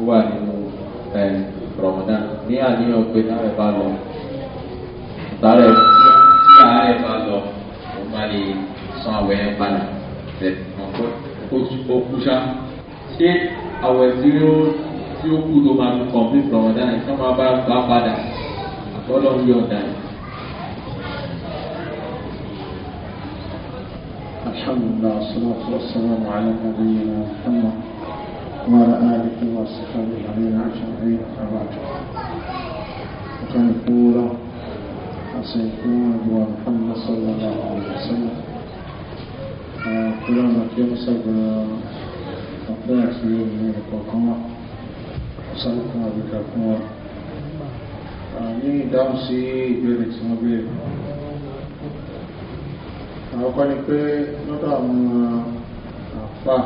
ó wà nínú rọmọdán ní àníyàn pé táwọn bá lọ tààrẹ tí ààrẹ bá lọ ó má lè san àwẹ̀ ẹ̀ padà tẹ̀ ó kú ṣá ṣé àwẹ̀ tí ó tí ó kú tó máa fi kọ̀m̀pì rọmọdán ẹ̀ tí wọ́n bá gbà padà àtọ́lọ́ ń yọ̀ǹda ẹ̀. الحمد لله والصلاة والسلام على نبينا محمد وعلى آله وصحبه أجمعين وبعد وكان يقول سيكون هو محمد صلى الله عليه وسلم كلام يمسك أطلاع سيوم من القوقمة وصلكم بكاكمة ní ìdáhùn sí ìbéèrè tí wọ́n béèrè àwọn kọ́ ni pé lọ́dọ̀ àwọn àfáà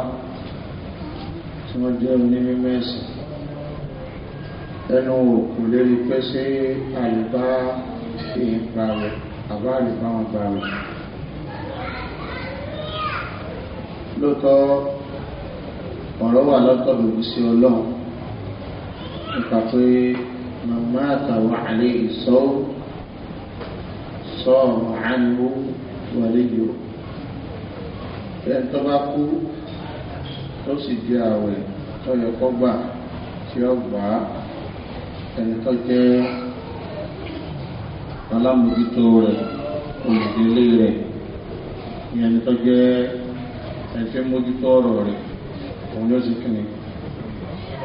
tí wọ́n jẹ́ onímọ̀ ẹ̀sìn ẹnu òkú lérí pé ṣé àlùbá èèyàn gbà rẹ̀ àbá àlùbá wọn gbà rẹ̀ lóòótọ́ ọ̀rọ̀ wà lọ́tọ̀ lòdì sí ọlọ́run nípa pé màmá àtàwọn àlè ìsọ́wọ́ sọ ọ̀rọ̀ àánú wọlé yìí ó ẹni bá kú tó sì jẹ́ àwẹ̀ tó yẹ kó gbà tí ó gbà á ẹni tó jẹ́ alámòjútó rẹ̀ olùdílé rẹ̀ ìyẹn tó jẹ́ ẹni tó mójútó ọ̀rọ̀ rẹ̀ òun yóò sì kìnnì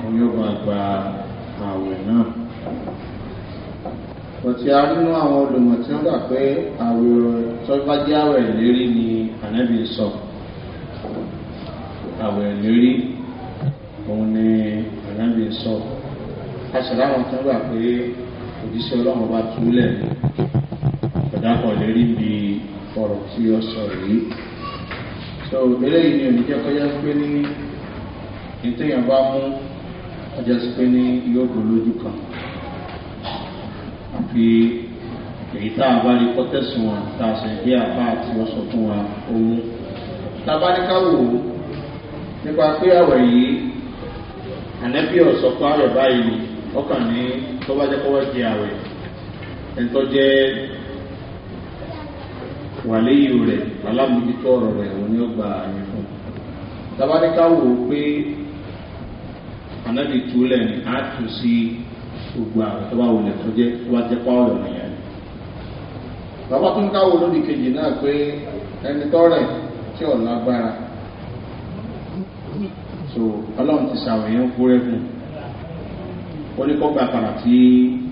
òun yóò máa gba àwẹ̀ náà ọ̀tí a nínú àwọn olùmọ̀ tí wọ́n gbà pé àwòrán tó bá jẹ́ àwẹ̀ lérí ni ànábì sọ̀rọ̀ àwẹ̀ lérí òun ni ànábì sọ aṣọ̀rọ̀ àwọn kan gbà pé òjíṣẹ́ ọlọ́run bá túlẹ̀ ọ̀dàpọ̀ lérí bí ọ̀rọ̀ tí ó sọ yìí so eléyìí ni òní jẹ́ kọjá pé ní ìtẹ̀yàn bá mú ọjà sí pé ní yóò lójú kan àfi èyí tá a bá rí kọ́tẹ̀sùn wọn tá a sì gbé àbá àti ọ̀sọ̀ fún wa ó mú tá a bá ní ká wò ó nípa pé àwẹ̀ yìí ànẹ́bí ọ̀sọ̀ pa àwẹ̀ báyìí ọkàn ní tọ́bajẹ́ kọ́wọ́ jẹ àwẹ̀ ẹ̀ńtọ́ jẹ́ wàléyìí rẹ̀ alámójútó ọ̀rọ̀ rẹ̀ òun ni ó gba àyè fún tabaríká wò ó pé ànábì túlẹ̀ ní á tù sí gbogbo àwọn tó bá wọlé tó jẹ́ tó bá jẹ́ pàwọ̀ rẹ̀ nìyẹn bàbá tó ń káwọ́ lódì kejì náà pé ẹni tọ́rẹ̀ tí ò lágbára so ọlọ́run ti sàwòyẹ ń kúrẹ́ fún ó ní kọ́ gba padà tí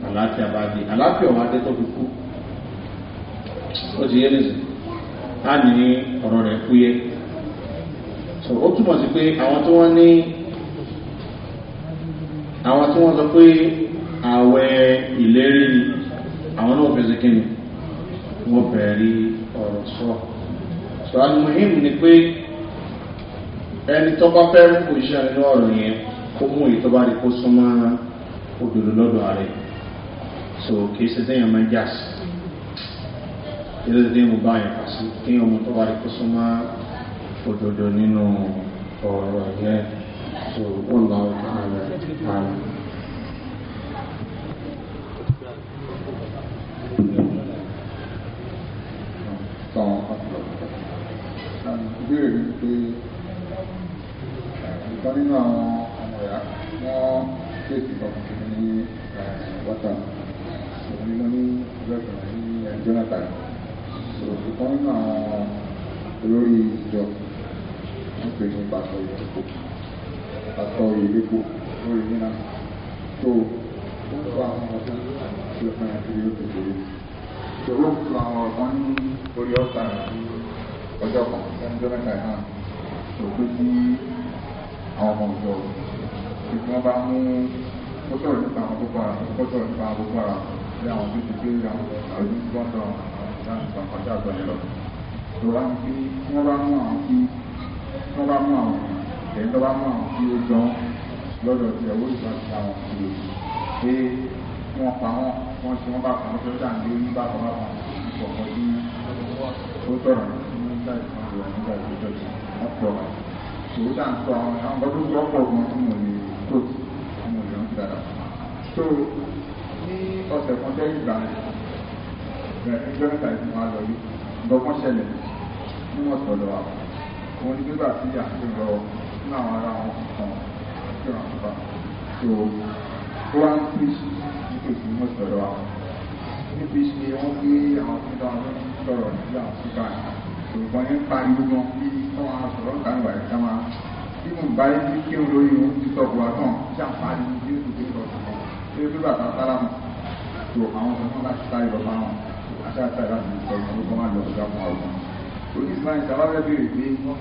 àlàáfíà bá dé àlàáfíà wà dé tó fi kú ó ti yé nìyí á ní ọ̀rọ̀ rẹ̀ fúyẹ́ so ó túmọ̀ sí pé àwọn tí wọ́n ní àwọn tí wọ́n sọ pé àwẹ̀ ìlérí ni àwọn náà fẹsẹ̀ kí ni wọ́n bẹ̀rẹ̀ ọ̀rọ̀ sọ so àlùmọ̀ ni pé ẹni tó bá fẹ́ mú pòṣíṣà nínú ọ̀rọ̀ yẹn kó mú èyí tó bá rí kó súnmọ́ òdòdó lọ́dọ̀ rẹ̀ so kìí ṣe téèyàn máa ń jà sí ilé tó déyìn mo bá yẹn fà sí kéèyàn mú tó bá rí kó súnmọ́ òdòdó nínú ọ̀rọ̀ yẹn so wọ́n lọ ààrẹ ààrẹ. Ìbéèrè ni pé ọ̀kan nínú àwọn ọmọ ìyá wọ́n kéèkì bàbá kìíní ní wọ́tà òun ni wọ́n ní ìjọba ní eh, Jonathan so ọ̀kan nínú àwọn olórí ìjọ wọ́n pè ní pàtó ìdìbò pàtó ìdìbò lórí nínà tó wọ́n àwọn ọmọ ọ̀dọ́ tí wọ́n bá mú kọ́sọ̀rọ̀ nípa àwọn púpà kọ́sọ̀rọ̀ nípa àwọn púpà bí àwọn tó ti gbé àwọn àrùn tó ń lọ láti pàpàdé àgbà yẹn lọ. ìrora ni pé tí wọ́n bá mú àwọn tí wọ́n bá mú àwọn ẹ̀yìn tó bá mú àwọn tí ó jọ lọ́dọ̀ tí ẹ̀wọ́ ìgbà ti àwọn kò lè pé wọ́n pa wọ́n wọ́n ti wọ́n bá pa wọ́n tó dà ní orí bá pa wọ́n pa ìfọ̀kọ̀ bí ó tọ̀rọ̀ nígbà ìfọ̀kọ̀ nígbà ìfọ̀kọ̀ èyí tá à ń sọ àwọn àwọn ọdún tó pọ̀ gan tí mo lè tó tí mo lè ń dára. so ní ọ̀sẹ̀ kan tẹ́ ìgbà bẹ̀rẹ̀ ẹgbẹ́ mẹ́ta ìdí máa lọ yìí lọ́gbọ́n ṣẹlẹ̀ ní wọ́n sọ lọ́wọ́ àwọn onígbégbà sí àti lọ nínú àwọn ará wọn kan tí wọ́n ti bá so ó wá ń píṣ nítòsí ní wọ́n sọ lọ́wọ́ àwọn níbi ṣe wọ́n gbé àwọn tó ń sọ̀rọ̀ nígbà tó bá ṣùgbọ́n ní pariwo gan bíi wọn máa sọ̀rọ̀ kàńgbà yìí ká máa bí mo bá yẹ kí kí n lórí wọn ti tọ̀gbọ̀ àtàn tí a fa ni bí o ti tọ̀ sọ̀rọ̀ tí o tó bàtà sára mọ̀ tó àwọn sọ̀rọ̀ bá ti sáré lọ bá wọn àti àti àti àti ìtọ́jú ló kọ́ máa lọ sọ̀rọ̀ fún àwọn ọmọ orí ìsìláyìn sábàbẹ́ béèrè pé wọ́n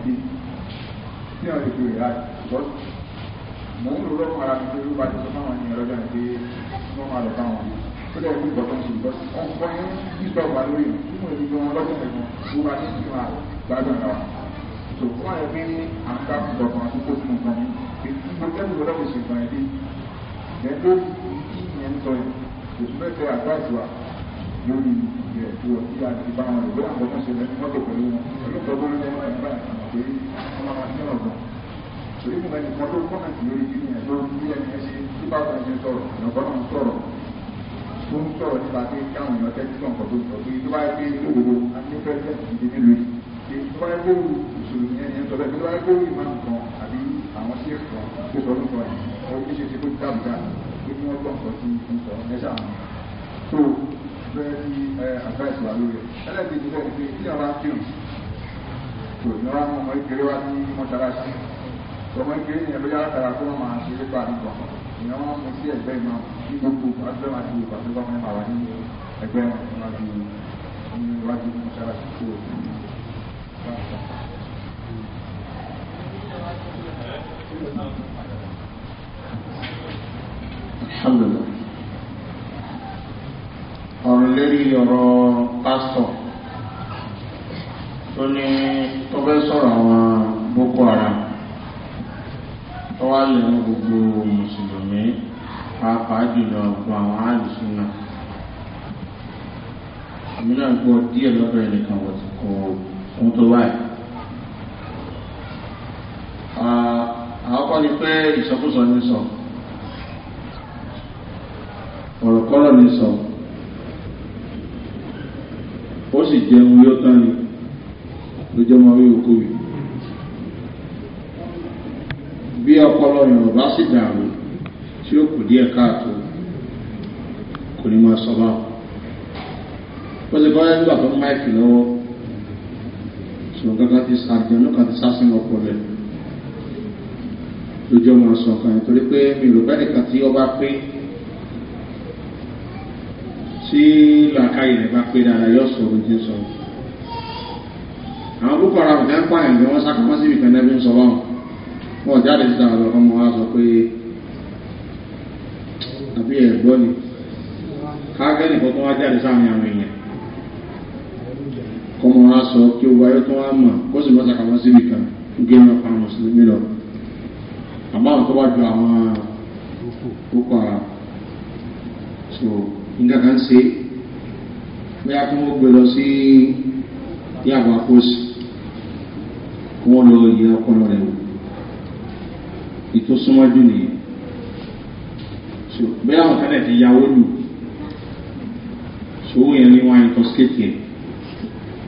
kọ́ ẹ̀yìn mò ń lò lọ́kàn mi pé ló bá fáwọn ènìyàn lọ́jọ́ ní pé wọ́n máa lọ fáwọn tó dẹ̀ fún ìgbọ̀tọ̀ sí ìgbọ́ wọn kọ́ ní bíbọ̀ wà lórí nínú èmi gan lọ́jọ́ ẹ̀gbọ́n tó bá ní kí máa gbádùn ara tó fún àyè pé à ń ká ìgbọ̀tọ̀ àti kó fún nǹkan ní gbogbo tẹ́lẹ̀ gbọ́dọ̀ kò sì gbọ̀n ẹ̀dí ẹ̀dọ́ kí ìyẹn ń sọ yìí kò tún bẹ́ẹ̀ àgbà torí mo ẹni kan tó kọ́mẹ̀tì lórí kí ni ẹ̀ ló ń bí ẹni ẹ ṣe tó bá wọn ẹni sọ̀rọ̀ ìyọ̀kọ́ náà ń sọ̀rọ̀ tó ń sọ̀rọ̀ nípa pé káwọn èèyàn tẹ́tí sọ̀ nǹkan tó ń sọ pé tó bá gbé lóòrò àti pẹ́sẹ́ǹtì ti nílùú yìí tó bá gbó ìṣòro ẹni ẹ sọ bẹ́ẹ̀ tó bá gbó ìmọ̀ nǹkan àbí àwọn sí ẹ̀kọ́ tó sọ lóko ẹ̀ ọ̀rọ̀ bí ṣe ṣe kó dábùdá pé kí wọ́n gbọ́ nǹkan tí ń sọ ẹ̀ ṣáà tó bẹ́ẹ̀ ti advice wà lórí ẹ̀ ẹlẹ́gbẹ̀ẹ́ ti sọ pé kí ni ọba kírun tó ìnira ọmọ ìkéré wá sí mọ́ṣáláṣí sọmọ ìkéré yẹn bóyá látara kó máa ṣe é pa nǹkan ìyẹn wọn mú sí ẹgbẹ́ ìmọ̀ ní gbogbo agbẹ́wọ̀n àti ìgbà tó bá wọn wà ní ẹgbẹ́ wọn máa fi ní iwájú mọ́ṣáláṣí tó o fún Alhamdulillah. Ọ̀rọ̀ lérí ọ̀rọ̀ pásítọ̀ tó ní tó fẹ́ sọ̀rọ̀ àwọn Boko Haram wáyé ní gbogbo mùsùlùmí pàápàá jùlọ ọ̀pọ̀ àwọn àìsùnà àmì náà gbọ́ díẹ̀ lọ́dọ̀ ẹnìkan wọ́n ti kọ ohun tó wáyé àkọ́kọ́ ni pé ìsọkúsọ ní sọ ọ̀rọ̀kọ́rọ̀ ní sọ ó sì jẹun yóò tán ni lójọ́ máa wí okòwì. bí ọpọlọ yorùbá sì dààmú tí ó kù díẹ̀ káàtó kò ní máa sọ báwọn ó ti bọ́ nígbà tó máìkì lọ́wọ́ sọ̀rọ̀ kankan ti sàdé ọlọ́kan ti sásìn ọpọlọ lójú ọmọ sọ̀rọ̀ kan nítorí pé mi ò bá nìkan tí ọba pé tí làákàyè rẹ̀ bá pé dáadáa yóò sọ̀rọ̀ ní sọ̀rọ̀ àwọn boko haram kan pààyàn bí wọ́n sá kọ́mọ́sí ìkànnì ẹbí ń sọ báwọn wọ́n jáde síta lọ ọmọ wa sọ pé àbí ẹ̀gbọ́n ni káàkiri kan tó wá jáde sáàrin àwọn èèyàn kọmọ wa sọ kí o wáyé tó wá mọ̀ kó sì mọ́ sàkàwọ́ síbi kan gé wọn pa mùsùlùmí lọ àmọ́ àwọn tó bá ju àwọn púpọ̀ ara so nǹkan kan ṣe bóyá kí wọ́n gbé lọ sí yàgbà kóòsì kí wọ́n lọ yẹ ọpọlọ rẹ̀ wò ètò súnmọ́jú nìyẹn so bẹ́ẹ̀ àwọn kan náà ti yàwó lù so owó yẹn ni wọ́n á yẹn kọ́síkèétì yẹn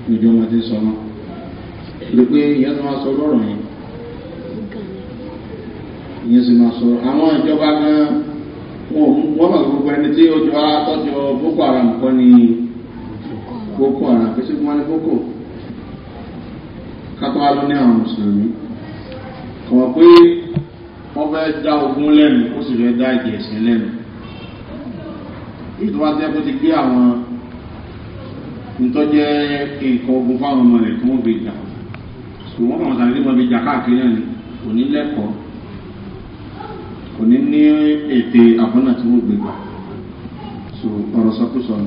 lójú ọmọ tí ń sọ náà lè pé ìyẹn tó máa sọ lọ́rọ̀ yẹn ìyẹn sì máa sọ àwọn ìjọba gan wọn wọn máa gbogbo ẹni tí ó jọ boko haram kọ́ ni boko haram pé sí wọn ni boko kátó alóní àwọn mùsùlùmí kọ̀ pé wọ́n fẹ́ dá ogún lẹ́nu ó sì fẹ́ dá ìdí ẹ̀sìn lẹ́nu ìtura tẹ́ kó ti gbé àwọn ntọ́jẹ́ nǹkan ogun fáwọn ọmọ rẹ̀ tí wọ́n fi jà ṣùgbọ́n àwọn sàrẹ́lẹ́ wọn fi jà káàkiri náà ni kò ní lẹ́kọ̀ọ́ kò ní ní ète àfọ́nà tí wọ́n gbé gbà so ọ̀rọ̀ sọkúsọ ni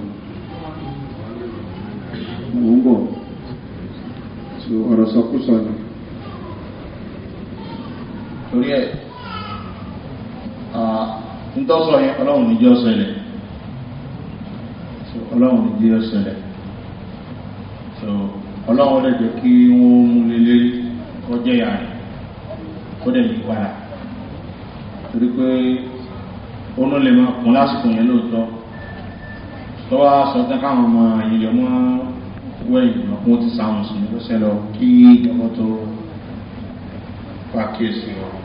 mò ń bọ̀ so ọ̀rọ̀ sọkúsọ ni torí ẹ̀. Ah, ntọ́sọ yẹn ọlọ́run níjọ́ sẹlẹ̀ ọlọ́run níjọ́ sẹlẹ̀ ọlọ́run lè jẹ́ kí wọ́n mú lélẹ́ kọjá yà rẹ̀ kó dẹ̀ yí padà torí pé onú lè máa kún lásìkò yẹn lóòótọ́ tọ́wọ́ sọ tán káwọn ọmọ ìyẹ̀lẹ̀ mọ́ wẹ́yìn ọkùnrin ti sáwọn sùn ló ṣẹlẹ̀ kí ọkọ̀ tó pàkíyèsí ọ̀rọ̀.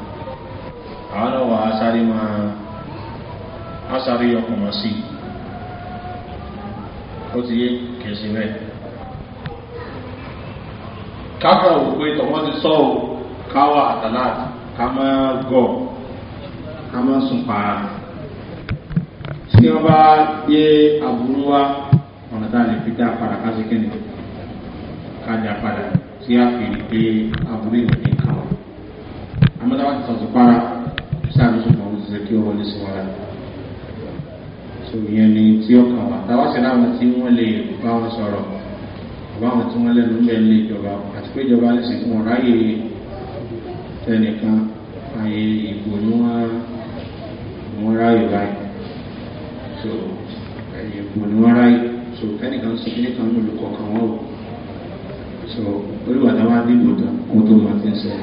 àwọn náà wà ma sáré máa á sáré ọkùn wọn sí ó ti yé kẹsì rẹ̀ káfà wò pé tọ̀wọ́n ti sọ ò káwà àtàlà ká máa gọ̀ ká máa sùn pa tí wọ́n bá yé àbúrú wa ọ̀nà tá a lè fi dá padà ká sí kẹ́ni ká dá padà tí a pé àbúrú ìwé ní kàwá àmọ́ ti sọ̀tún para tàbí ṣùgbọ́n ó ṣe kí ó wọlé sí wọn rẹ̀ tó yẹn ni tí ó kàn wá táwa sì láwọn tí wọ́n lè bá wọn sọ̀rọ̀ àbáwọn tí wọ́n lẹ́nu lẹ́ lé ìjọba àti pé ìjọba lè sì fún tẹnìkan àyè ìbò ni wọ́n ráyè báyìí so àyè ìbò ni wọ́n ráyè so tẹnìkan sì kí nìkan lòlù kọ̀ọ̀kan wọ́n wò so olùwàdàwà dìbò tán kó tó máa ti ń sọ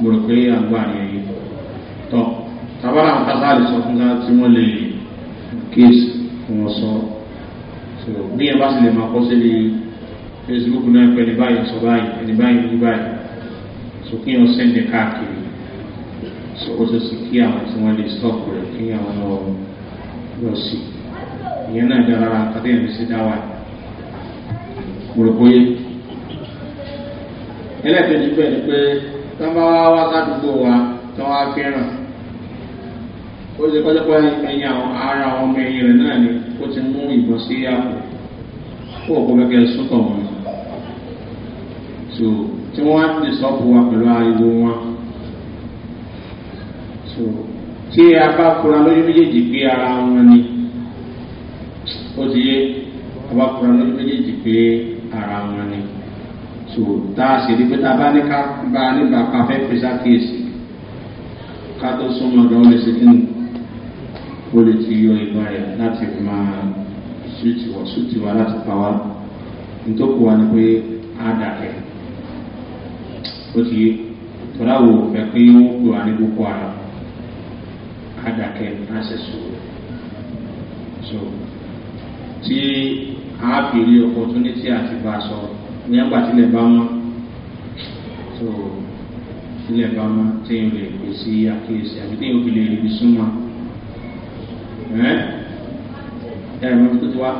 mo pé àgbà yẹn yìí tọ́ tábàlà àwọn kásáàlì sọ fún káà tí wọ́n lè kéésì fún wọn sọ bí ẹ bá sì lè máa kọ́ sí ní facebook náà pé ẹni báyìí sọ báyìí ẹni báyìí ní báyìí so kí wọn sẹ́ndẹ̀ káàkiri so ó sì sì kí àwọn tí wọ́n lè stop rẹ̀ kí àwọn lọ lọ sí ìyẹn náà dára kàtẹ́yìn sí dáwà mo rò bóyá ẹlẹ́kẹ̀ẹ́jì bẹ́ẹ̀ ni pé tọ́ wá wá sádùúgbò wa tọ́ wá fẹ́ràn ó ṣe pátápá ẹyin àwọn ara àwọn ọmọ ẹyin rẹ̀ náà ni ó ti mú ìbọn sí àpò kó òkú gẹ́gẹ́ sọ́tọ̀ wọn ni so tí wọ́n á ti sọ́ọ̀pù wa pẹ̀lú ariwo wọn so tí a bá kura lóyún méjèèjì pé ara wọn ni ó ti yé a bá kura lóyún méjèèjì pé ara wọn ni so tá a sì rí pé tá a bá ní ká bá a nígbà kan fẹ́ pèsè àkíyèsí ká tó súnmọ́ ọ̀dọ́ wọn lè ó lè ti yọ ìbọn rẹ̀ láti fi máa ṣúùtì wọ̀ ṣúùtì wá láti pa wá nítòkù wa ni pé á dàkẹ́ ó ti yé tọ́lá fẹ́ pé ó pè wá ní boko haram á dàkẹ́ á ṣe sùúrù so tí a fi rí opportunity àti bá a sọ ní ẹgbà tilẹ̀ bá wọn so tilẹ̀ bá wọn téèyàn lè pèsè àkíyèsí àbí téèyàn fi lè rí bí súnmọ́ ẹ ẹ mọ̀tò tó wá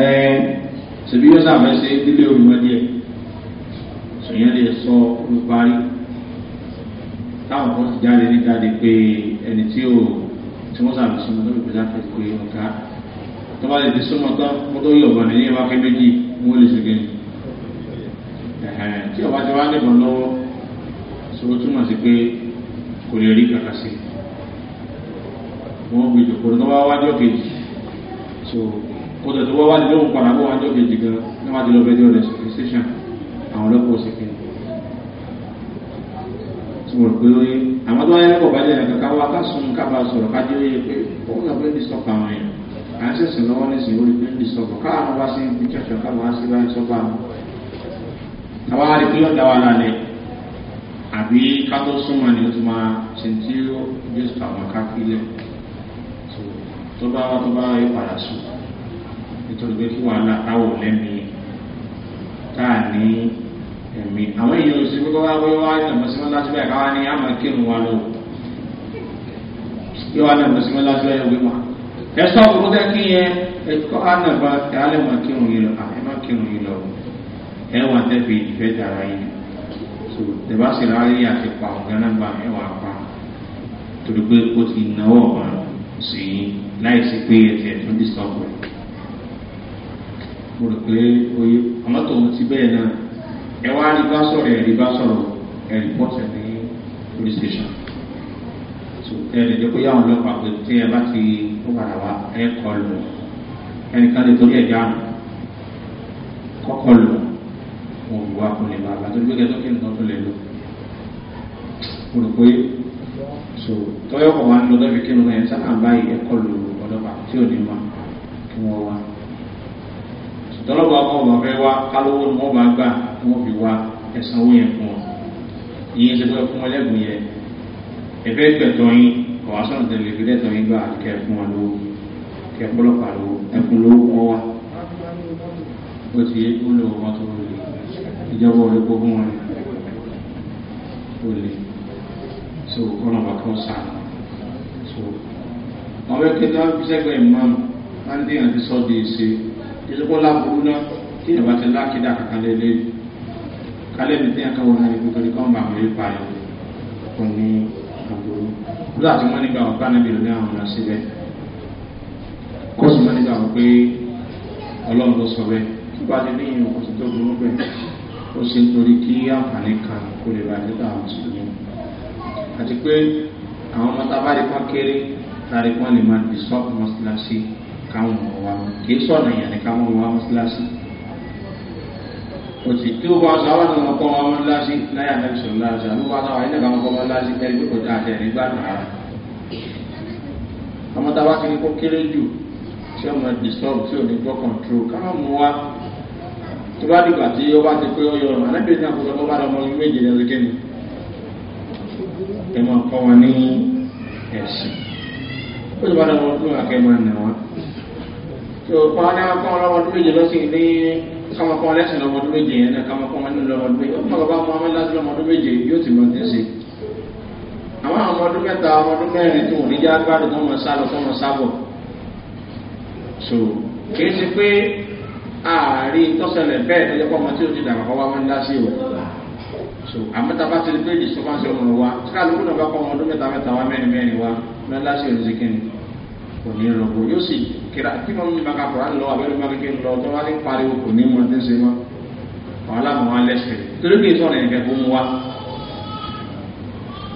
ẹ ṣèbí yóò sàmẹ́ ṣe nílé olùmọdé ẹ sòyìn lè sọ olùparí táwọn kan ti jáde ní jáde pé ẹni tí ò tí wọ́n sàmì sọmọ tó lùpẹ́ láti pé ọ̀gá tó bá lè fi sọmọ tán wọ́n tó yí ọ̀gbọ̀n ní ìwà kẹ́ méjì wọ́n lè ṣe gẹ́gẹ́ tí ọba ti wá níbọn lọ́wọ́ sọ túmọ̀ sí pé kò lè rí kàkà sí i wọ́n gbé jòkó ní wọ́n wá jọ́ kejì so kó tẹ̀tẹ̀ wọ́n wá ní lóhùn padà wọ́n wá jọ́ kejì gan ní wọ́n ti lọ bẹ́ẹ̀ ọ̀rẹ́ station àwọn ọlọ́pàá ò sì kí tí mo rò pé ó yé àwọn tó wáyé lẹ́kọ̀ọ́ bá jẹ́ ẹ̀ka ká wá ká sun ká bá sọ̀rọ̀ ká jẹ́ ó yẹ pé òun náà fẹ́ẹ́ disturb àwọn èèyàn à ń sẹ̀sìn lọ́wọ́ nísìn orí pé ń disturb káwọn wá sí ibi church ká wá sí báyìí sọ́gbà àbí ká tó ni ó ti máa ṣe tí ó jésù àwọn ká fi lẹ́kọ̀ọ́ tó bá wá tó bá wá yóò padà sùn nítorí pé kí wàhálà táwọ̀ lẹ́mí táà ní ẹ̀mí àwọn èèyàn ò sí pé kó wá wé wá ìtàmọ́símọ́ láti bẹ́ẹ̀ káwá ní àmọ́ kírun wa lọ yóò wá ìtàmọ́símọ́ láti bẹ́ẹ̀ wé wá ẹ̀sọ́ òkú tẹ́ kí yẹn ẹ̀kọ́ ànàbà ẹ̀hálẹ̀ máa kírun yìí lọ àmì máa kírun yìí lọ ẹ̀wà tẹ́fì ìfẹ́ dára yìí so tẹ̀básì rárí àti pa ọ̀gá náà gba ẹ̀wà pa torí pé ó ti náwó ọ̀gá sí yìí láì sí pé ẹ̀fẹ̀ tún dì sọ́ọ̀bù rẹ̀ mo rò pé oyè àmọ́ tòun ti bẹ́ẹ̀ náà ẹ wá rí bá sọ̀rọ̀ ẹ̀rí bá sọ̀rọ̀ ẹ̀rí pọ̀sẹ̀ ní police station so ẹ̀rí jẹ́ kó yáwọn ọlọ́pàá pé tí ẹ bá ti ó padà wá ẹ kọ́ lù ẹnìkan lè torí ẹ̀dá àná kọ́kọ́ lù wọn wù wá kó lè bá bàtà gbé gẹ́gẹ́ kí nǹkan tó lè lò mo rò pé so tọ́yọ̀kọ̀ wá ń lọ lọ́fẹ̀ẹ́ kí nǹkan ẹ̀ sáà báyìí ẹ kọ́ lù wọn tí ò ní ma kí wọ́n wá tọ́lọ́gbà kan wọ́n fẹ́ wá kálówó ni wọ́n bá gbà wọ́n fi wá ẹ̀sán owó yẹn fún wọn ìyẹn ti fẹ́ fún wọn lẹ́gùn yẹn ẹ̀fẹ́ gbẹ̀tọ̀ yín ọ̀wá sọ̀rọ̀ tẹ̀lé fi lẹ́tọ̀ yín gbà kẹ́ fún wọn lówó kẹ́ pọ́lọ́pàá lówó ẹkùn lówó wọn wá ó ti yé ó lè wọ́n wọn tó lè ìjọba ò lè kó fún wọn ó lè so kọ́nà bá kọ́ so wọn fẹ́ kéde wọn fi sẹ́gbẹ̀ ìmọ̀ọ́mù wọn dé yàn ti sọ di ìṣe ìṣòkò láburú náà tí yàrá ti lákìdá kankan lélẹ̀ kálẹ̀ ní tẹ́yà kan wọn àyè kókò ní káwọn bàbá yìí pààyàn kò ní àbúrò nígbà tí wọ́n nígbà wọn bá níbi ìrìn àwọn ọ̀nà síbẹ̀ kóòsì wọn nígbà o pé ọlọ́run ló sọ bẹ́ẹ̀ kí wàá di níyìn ọkùnrin tó burú bẹ́ẹ̀ ó ṣe nítorí kí àǹfààní kan kó lè bá nígbà àwọn mùsùlùmí àti pé àwọn ọmọ tábàdì kan kéré láti wọ́n lè máa disrupt mọ́síláṣí káwọn ọmọ wa kì í sọ̀nà yẹn ni káwọn ọmọ wa mọ́síláṣí. òtí tí ó bá sọ àwọn ọmọ kọ́ wọn mọ́síláṣí láyà náà sọ̀rọ̀ láti àlú wa náà wáyé náà kọ́ mọ́síláṣí bẹ́ẹ̀ bí kò dáa tẹ̀ nígbà náà. ọmọ tá a bá kiri kó kéré jù tí ó máa disrupt tí ò ní gbọ́ control káwọn ọmọ wa tó bá dìgbà tí ó bá ti pé ó yọ ọ̀nà àlẹ́bìnrin náà kó bá ọmọ méje ní ọdún kẹ́ni ẹ máa kọ́ wọn ní ẹ̀sìn ó sì bá dáwọn ọdún àkẹ́ máa nà wọ́n tó kọ́ ọ́n náà kọ́ ọlọ́wọ́ ọdún méje lọ́sìn ní kọ́mọ kọ́ lẹ́sìn lọ́wọ́ ọdún méje yẹn náà kọ́mọ kọ́ wọn nílò ọdún méje ó mọ̀ bàbá ọmọ ọmọ láti lọ́mọ ọdún méje yóò ti mọ̀ tẹ́sí àwọn ọmọ ọdún mẹ́ta ọmọ ọdún mẹ́rin tó wọ́n níjà gbádùn kọ́mọ sálọ kọ́mọ sábọ̀ so kìí ṣe pé ààrin tọ́sẹ̀lẹ̀ bẹ́ẹ̀ tó yẹ kọ́ ọmọ tí ó ti dàgbà kọ́ wọn dá sí so àmọ́ta bá ti di pé ìṣọ́fà sí ọmọ wa tí kálukú náà bá kọ́ ọmọ ọdún mẹ́ta mẹ́ta wá mẹ́rin mẹ́rin wá mẹ́láṣí ò ní ṣe kíni kò ní rògbò yóò sì kíra kí ló ń bí bàkà kúrò lọ abẹ́rẹ́ bá kékeré lọ tó wá ní pariwo kò ní mọ tí ń ṣe mọ́ àwọn aláàmú wa lẹ́sẹ̀ torí kì í sọ̀rọ̀ ẹ̀kẹ́ fún wa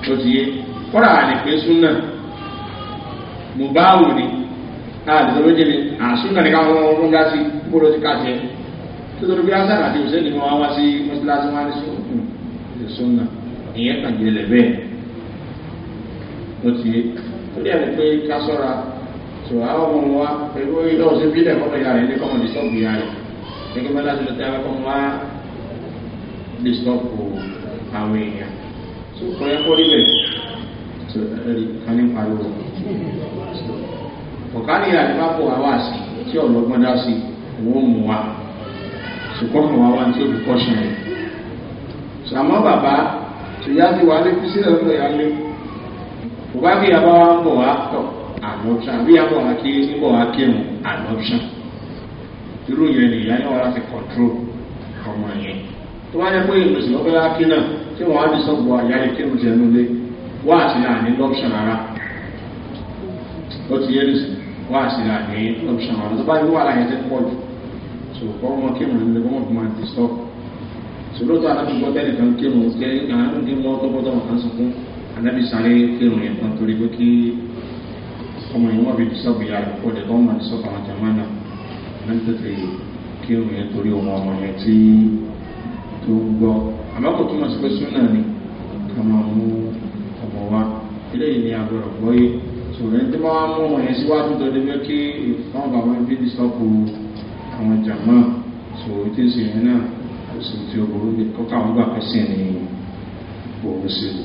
tó ti yé kọ́ra àlèpé súnà mo bá wù ní àdìsọ́lójì ni àsúnà ní káwọn ọmọ ọdún dá sí kúrò ti ká tiẹ̀ nítorí bí ásàkà àti òṣèlú ni wọ́n wá sí mọ́síláṣí wọn ní sókùn ìṣe súnà hmm, ìyẹn kàn jẹ́ lẹ̀ bẹ́ẹ̀ tó torí ẹ̀ pé ká sọ́ra tó àwọn ọmọ wa pẹ̀lú ilé ọ̀sẹ̀ bí ilẹ̀ kọ́tọ̀ yàrá ilé kọ́mọ̀ disọ́ọ̀bù yàrá gẹ́gẹ́ bá láti lọ tẹ́ àwọn ọmọ wa disọ́ọ̀bù àwọn èèyàn tó kọ́ ẹ kọ́ níbẹ̀ tó ẹ̀rí kan ní pariwo ọ̀kánì àdìbápò àwa àsì tí ọ̀lọ́gbọ́n dá sí wọ́n mú wa ṣùgbọ́n àwọn àwọn tí ó fi kọ́ sàmọ́ bàbá tòyá ti wà lé kú sílẹ̀ lọ́dọ̀ ṣùgbọ́n bí yàrá wa ń bọ̀ wá tọ̀ adoption bí yàrá wa kí ń bọ̀ wá kírun adoption irú yẹn ni ìyá yẹn wà láti control ọmọ yẹn tó bá yẹ pé ìrìnsì wọn fẹ́ wá kí náà tí wọ́n á di sọ́gbọ̀ àyà yẹn kírun ti ẹnu lé wá àti àní lọ́pṣọ̀n rárá ó ti yẹ nìsín wá àti àní lọ́pṣọ̀n rárá tó bá yẹ wà láyé tẹ́ pọ̀ jù sòkò ọmọ kírun ní ọmọ fún ma disturb sòlótò àtàkùn gbọ́dẹ̀ nìkan kírun kẹ́ àwọn ọmọ tó gbọ́dọ̀ wọn kan sọ fún anabi sáré kírun yẹn kan torí pé kí ọmọ yẹn wọ́n fi sọ́ọ̀bù yàrá kó dẹ̀ kọ́ máa sọ́ọ̀bù àwọn jamana anabi tètè kírun yẹn torí ọmọ ọmọ yẹn tí tó ń gbọ́ àmọ́ kò túmọ̀ sí pé súnà ni ká máa mú ọmọ wa eléyìí ni àgbọ̀rọ̀ gbọ́ yé sọ̀rọ̀ ẹni tó bá wá mú ọmọ yẹn síwájú tó débẹ́ kí ìfọ̀n bàbá bí sọ́ọ̀bù àwọn jamana sọ̀rọ̀ tí ń sèyẹn náà kò sì ti ọ̀bọ̀rọ̀ kọ́kà wọn gbà pẹ́sẹ̀ ni òun ṣe wò.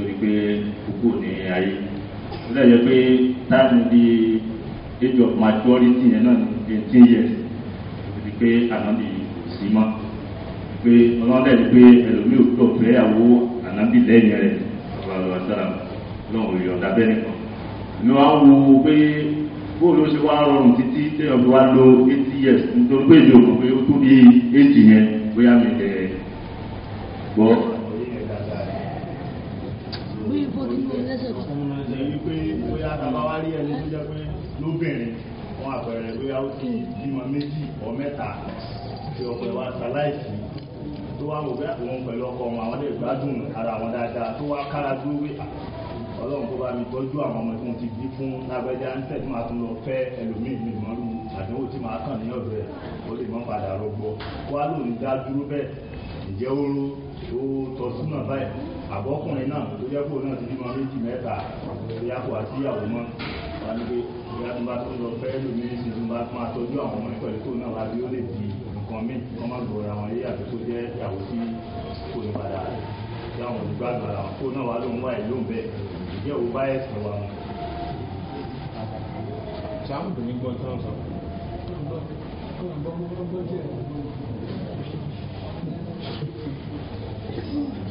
tó di pé kúkú ní ayé ó dẹ̀ pé táàmù bíi age of majority yẹn náà ní eighteen years tó di pé ànábì kò sí mọ́ pé ọlọ́run dẹ̀ di pé ẹlòmíì ò tó fẹ́ àwo ànábì lẹ́yìn rẹ̀ ọ̀rọ̀ àṣàrà lọ́wọ́ ìyọ̀dá bẹ́ẹ̀ nìkan ni wọ́n á wo pé bóòlù ṣe wá rọrùn títí téèyàn fi wá lo eighty years nítorí pé èdè òkùnkùn ó tó bí eighty yẹn bóyá mi lè gbọ́. òun ni ọlọ́run tó bá mi tọ́jú àwọn ọmọ tí wọ́n ti bí fún lágbájá ń tẹ̀ tí máa tún lọ fẹ́ ẹlòmíì mi mọ́lú àdéhùn tí máa kàn ní ọ̀dọ̀ ẹ̀ ó lè mọ́ padà rọgbọ wá lónìí dá dúró bẹ́ẹ̀ ǹjẹ́ ó rú tọ́ sínú àbáyé àbọ́kùnrin náà tó jẹ́ kó náà ti bímọ méjì mẹ́ta ìyá kò àti ìyàwó mọ́ wà ní pé ìyá tó bá tó lọ fẹ́ lómi ní ti tó bá máa tọ́jú àwọn ọmọ pẹ̀lú kó náà wá bí ó lè di nǹkan míì kó má gbòòrò àwọn ilé àti kó jẹ́ ìyàwó tí kò ní padà tí àwọn olùgbàgbà àwọn kó náà wá lóun wá ìlú bẹ́ẹ̀ ìjẹ́ òun bá ẹ̀sìn wa Thank you.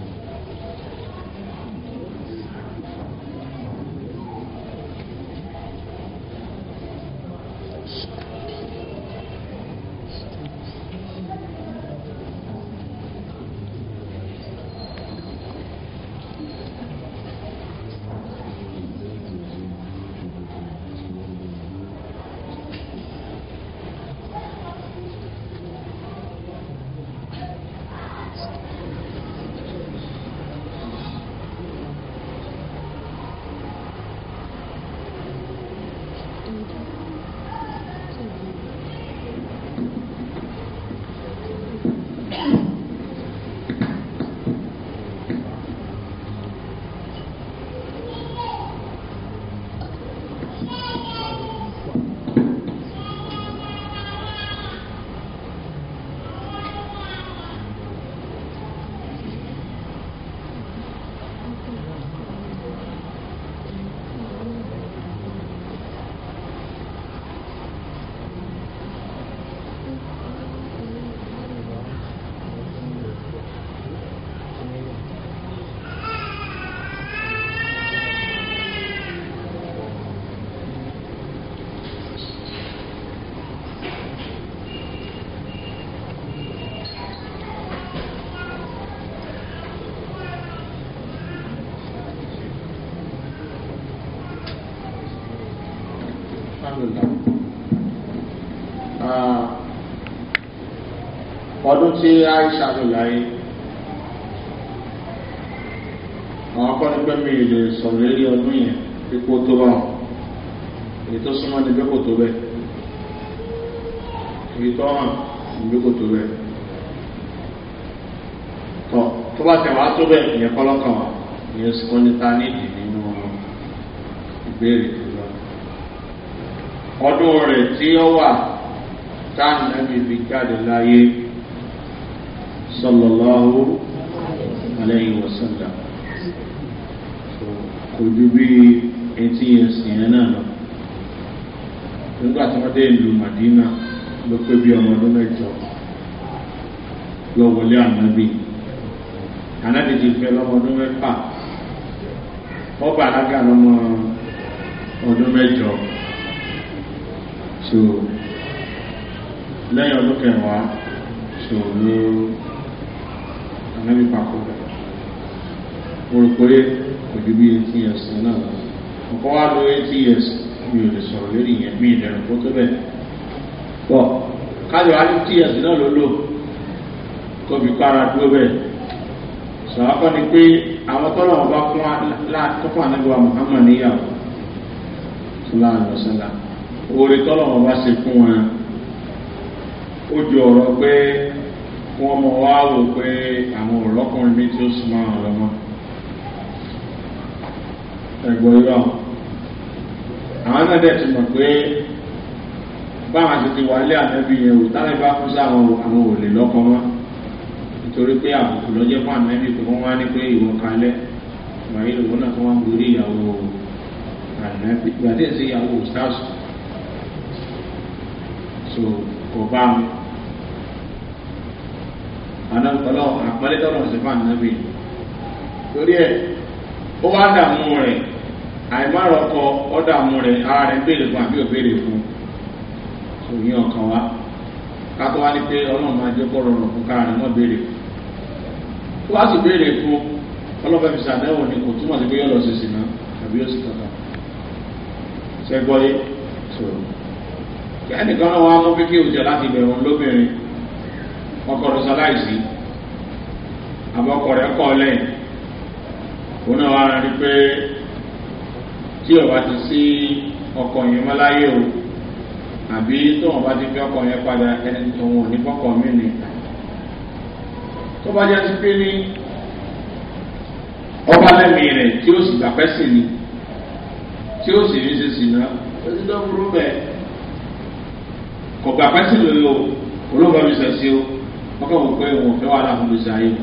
tí aisha lò láyé àwọn kọ́ni pé mi lè sọ̀rọ̀ lórí ọdún yẹn pípò tó bá wọn èyí tó súnmọ́ ní pípò tó bẹ́ẹ̀ èyí tó hàn ní pípò tó bẹ́ẹ̀ tọ́ tó bá tẹ̀ wá tó bẹ́ẹ̀ ìyẹn kọ́lọ́kàn wá ìyẹn sì kọ́ni ta nídìí nínú ìbéèrè tó ọdún rẹ̀ tí ó wà táà nàbì fi jáde láyé. صلى الله عليه وسلم. kò ju bí etí ẹsìn yẹn náà lọ nígbà tí wọ́n dé ìlú madina ló pé bí ọmọ ọdún mẹ́jọ lọ wọlé ànábì ànábì ti fẹ́ lọ́mọ ọdún mẹ́fà ọba alága lọ́mọ ọdún mẹ́jọ so lẹ́yìn ọdún kẹwàá so ló ànábì pàkó mo rò pé kò ju bí eighty years náà lọ ọ̀pọ̀ wá lo eighty years mi ò lè sọ̀rọ̀ lórí ìyẹn mí ìdẹ̀rùn kó tó bẹ̀ pọ̀ kájọ wá fifty years náà ló lò kó fi kó ara dúró bẹ́ẹ̀ sọ̀rọ̀ kọ́ ni pé àwọn tọ́lọ̀ wọn bá kún àtọ́kùn ànábìwá muhammad níyàwó sọlá àlọ́sọ́lá oore tọ́lọ̀ wọn bá ṣe fún wọn ó ju ọ̀rọ̀ pé wọ́n mọ̀ wá wò pé àwọn ọ̀rọ̀kùnrin mi tí ó súnmọ́ àwọn ọmọ ẹ̀gbọ́n yìí wọn àwọn náà dẹ̀ ti mọ̀ pé báwọn ti ti wálé ànábì yẹn o táwọn ìbá kú sáwọn àwọn ò lè lọ́kọ́ mọ́ nítorí pé àbùkù lọ́jọ́ fún ànábì tó wọ́n wá ní pé ìwọ̀n kalẹ̀ màáyé lòun náà tó wọ́n ń borí ìyàwó ànábì ìgbà so kò bá àná tọ́lọ́ àpọ́nlé tọ́lọ́ sí fún ànábì torí ẹ̀ ó wá dààmú rẹ̀ àìmárọ̀kọ ó dààmú rẹ̀ ara rẹ̀ béèrè fún àbí òbéèrè fún òyìn ọ̀kan wa kátó wá ní pé ọlọ́run máa jẹ́ kó rọrùn fún kára rẹ̀ wọ́n béèrè tó wá sì béèrè fún ọlọ́fẹ́ fi sàdẹ́wò ni kò túmọ̀ sí pé yọ̀lọ̀ ṣe sì ná àbí ó sì kankan ṣẹ́gbọ́ yé kí ẹnìkan náà wá mú kékeré òjò láti bẹ̀rù lóbìnrin ọkọ lọ sáláìsí àbọ̀kọ̀ rẹ̀ kọ́ lẹ́yìn òun náà wà rárí pé tí ọba ti sí ọkọ̀ yẹn mọ́ láyé o àbí tó wọn bá ti fi ọkọ̀ yẹn padà ẹni tó wọn ò ní kọ́kọ́ mí ni tó bá jẹ́ ti pé ní ọba lẹ́mìí rẹ̀ tí ó sì gbàpẹ́ sí ni tí ó sì ní ṣe sì náà ó ti dọ́ burú bẹ́ẹ̀ kọ̀gbàpẹ́ sí lóyún o olóògbé mi sẹ̀ o wọ́n kàn wọ́n pé wọn ò fẹ́ wàhálà fún lóṣù ayé wọn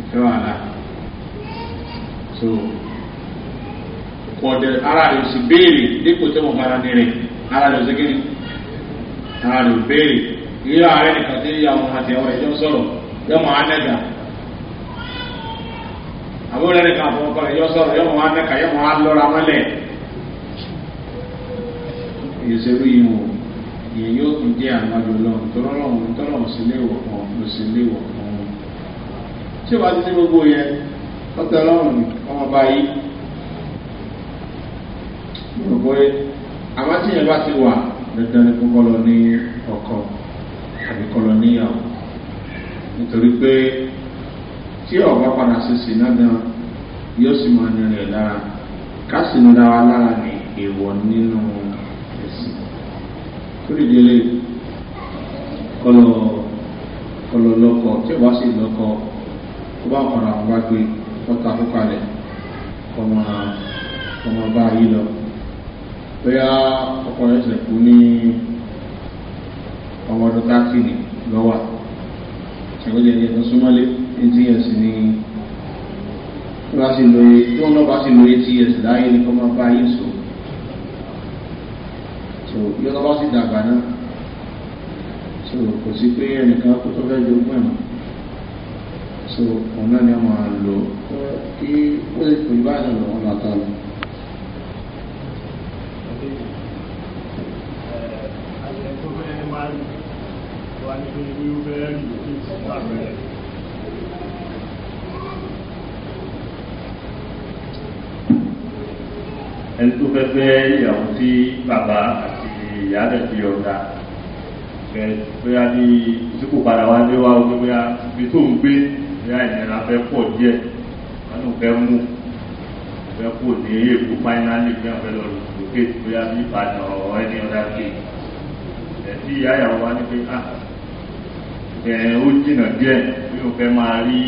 ò fẹ́ wàhálà so kọ̀dẹ̀ ara rẹ̀ sì béèrè dípò tí wọ́n fara ní rẹ̀ ara rẹ̀ sì kéde ara rẹ̀ béèrè ìyá ààrẹ nìkan tí ìyá wọn àti ẹ̀wọ̀n ẹ̀jọ́ sọ̀rọ̀ yọmọ anẹ́gà àbúrò rẹ̀ nìkan fún ọkọ rẹ̀ yọ sọ̀rọ̀ yọmọ anẹ́gà yọmọ alọ́ra mọ́lẹ̀ ìṣèlú yìí wò ìyẹn yóò tún jẹ́ àmàlò lọ́wọ́ tọ́lọ́run tọ́lọ́run sí ilé ìwọ̀ kan ló sí ilé ìwọ̀ kan wọn. tí o bá ti ní gbogbo yẹn ọ̀tọ̀ ọlọ́run ọmọ bá yí. mo rò pé àmọ́ tí yẹn bá ti wà dandan ni kókó lọ ní ọkọ àbí kọ́ níyàwó nítorí pé tí ọ̀gá padà sí náà yóò sì máa nílẹ̀ lára ká sì ní dáwà lára ní èèwọ̀ nínú wọn torí ìdílé kọlọ kọlọ lọkọ tí o bá sì lọkọ o bá kọra àwọn bá gbé kọta kópa rẹ kọmọ kọmọ bá yí lọ bóyá ọkùnrin ṣe kú ní ọmọ ọdún tákìlì lọ́wà ṣàgbéjẹ ní ẹ̀dọ́ súnmọ́lé ats ní tí wọ́n bá sì lóye tí wọ́n bá sì lóye ts láyé ní kọ́mọ bá yí sọ̀rọ̀ so yọ lọ́wọ́ sì dàgbà náà so kò sí pé ẹnìkan kó tó fẹ́ jogún ẹ̀mọ́ so òun náà ni a máa lò kí ó lè pè báyìí lọ wọn láta lọ. Uh, ẹni tó fẹ́ fẹ́ ìyàwó sí bàbá àti ìyá dẹ̀ fi ọ̀dà bóyá ní ìsìnkú padà wá lé wa omi bóyá ibi tó ń gbé bóyá ìnira fẹ́ pọ̀ díẹ̀ wọ́n fẹ́ mú fẹ́ kó ní èkó fáínálì bí wọ́n fẹ́ lọ lókè bóyá ní ìbàdàn ọ̀rọ̀ ẹni ọ̀dà pé ẹ̀sí ìyá ìyàwó wa ní pé à ah, ẹ̀ẹ́n ó jìnà díẹ̀ bí wọ́n fẹ́ máa rí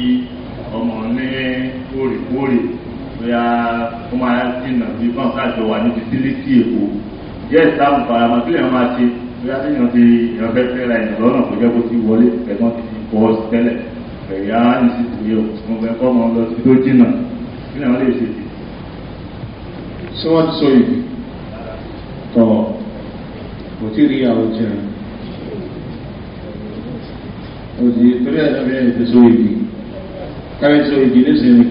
yẹ ìsáàmù faramọ kí lèèyàn máa ṣe bóyá tí èèyàn ti èèyàn fẹ́ fẹ́ ra èèyàn lọ́nà tó jẹ́ kó ti wọlé ẹ̀gbọ́n ti fi kọ́ ọ tẹ́lẹ̀ ẹ̀yà ní sí ìwé o mo fẹ́ kọ́ ọmọ lọ sí tó jìnnà kí lèèyàn lè ṣe. ṣé wọ́n ti sọ ìgbì tọ̀ kò tí ì rí àwọn jẹun òdì torí àtàwọn ẹ̀ ti sọ ìgbì káwé sọ ìgbì nísìnyí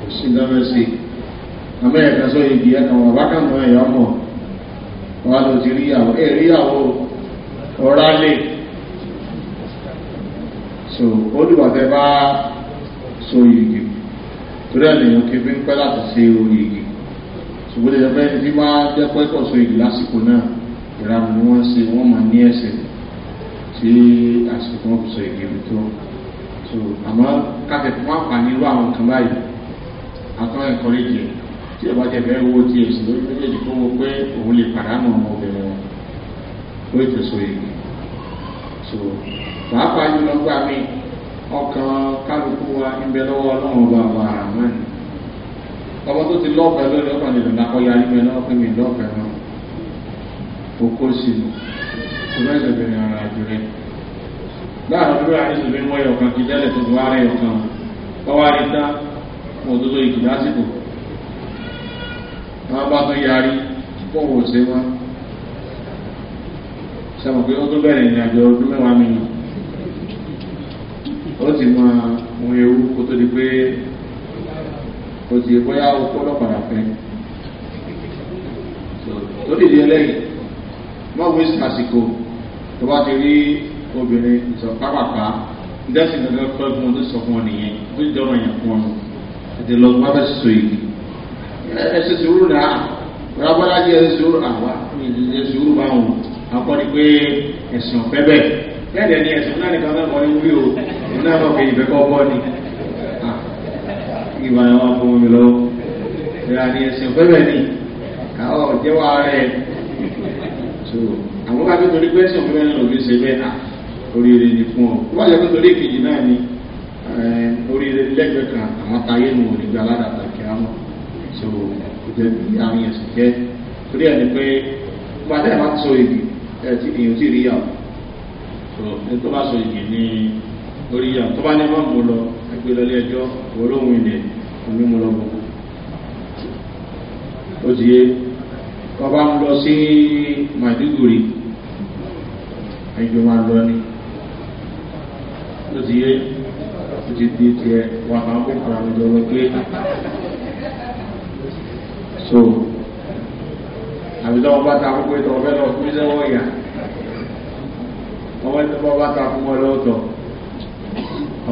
kò sí dáná sí i àmọ́ ẹ̀ka sọ ìgbì ẹ̀ka wọn wákàtí wọn ẹ̀yà ọmọ wọn ló ti rí àwọn so ó dìbò tẹ bá so yìgì torí ènìyàn kí fi ń pẹ́ láti ṣe oyìgì ṣùgbọ́n ìjọba ẹni tí máa jẹ́ pẹ́ pọ̀ so yìgì lásìkò ni wọ́n ṣe wọ́n máa ní ẹsẹ̀ tí so yìgì rí tó so àmọ́ káfíńtì wọn àǹfààní tí ọba jẹ fẹ́ wo tí èsì lórí méjèèjì kó wo pé òun lè pàdánù ọmọbìnrin wọn ó èyí so pàápàá yìí lọ gbà mí ọkàn kálukú wa ọba ọmọ tó ti lórí náà pé mi lọ́ọ̀fẹ́ náà okó sí i kò náà ìṣẹ̀bẹ̀rẹ̀ ara àjùrẹ́ láàrín ọdún àìsàn mi mọ́ wọn bá tán yarí fóun ò ṣe wọn sọmọ pé ó tó bẹ̀rẹ̀ ìrìn àjò ọdún mẹ́wàá mi nù ó ti mọ ohun ewu kó tó di pé ó ti bóyá ó kó lọ́pàá fẹ́ tó dìde ẹlẹ́yìn mọ́ wíṣí àsìkò tó bá ti rí obìnrin ìsọ̀pápàpá ìdásí ìdánilẹ́kọ̀ọ́ ẹ̀gbọ́n tó sọ fún ọ nìyẹn ó ti dọ́rọ̀ yẹn fún ọ tètè lọ bá fẹ́ sọ yìí ẹsẹ sùúrù náà rábọ́lájì ẹsẹ sùúrù àwa ẹsẹ sùúrù bá wọn akọni pé ẹ̀sùn pẹ́bẹ́ bẹ́ẹ̀ ni ẹ̀sùn náà nìkan náà kọ́ni wí o òun náà kọ́ pé ìfẹ́ kọ́ bọ́ ni ìwà ẹ̀wọ̀n fún mi lọ ìwà ni ẹ̀sùn pẹ́bẹ́ ni káwọ́ jẹ́wọ́ ara ẹ̀ tó àwọn bá tó torí pé ẹ̀sùn pẹ́bẹ́ náà òbí ṣe bẹ́ẹ̀ oríire ni fún ọ wọ́n yẹ kó torí ìkejì náà ni oríire lẹ́gbẹ̀ẹ́ kan àwọn táyé nù nígbà aládàtà so kò jẹ́ bí àwọn èèyàn sì jẹ́ torí ẹ̀ ni pé so ẹni tó bá sọ èdè ní orí yà tó bá ní mọ́ mo lọ ẹgbẹ́ lọlé ẹjọ́ olóhùn ilẹ̀ omi mo lọ bọ̀ ó ti yé ni ó ti yé ó ti di tiẹ̀ wà máa so àbí tí wọn bá ta fún pé tí wọn fẹ́ lọ fún iṣẹ́ wọn yà wọn tí wọn bá ta fún wọn lọ́tọ̀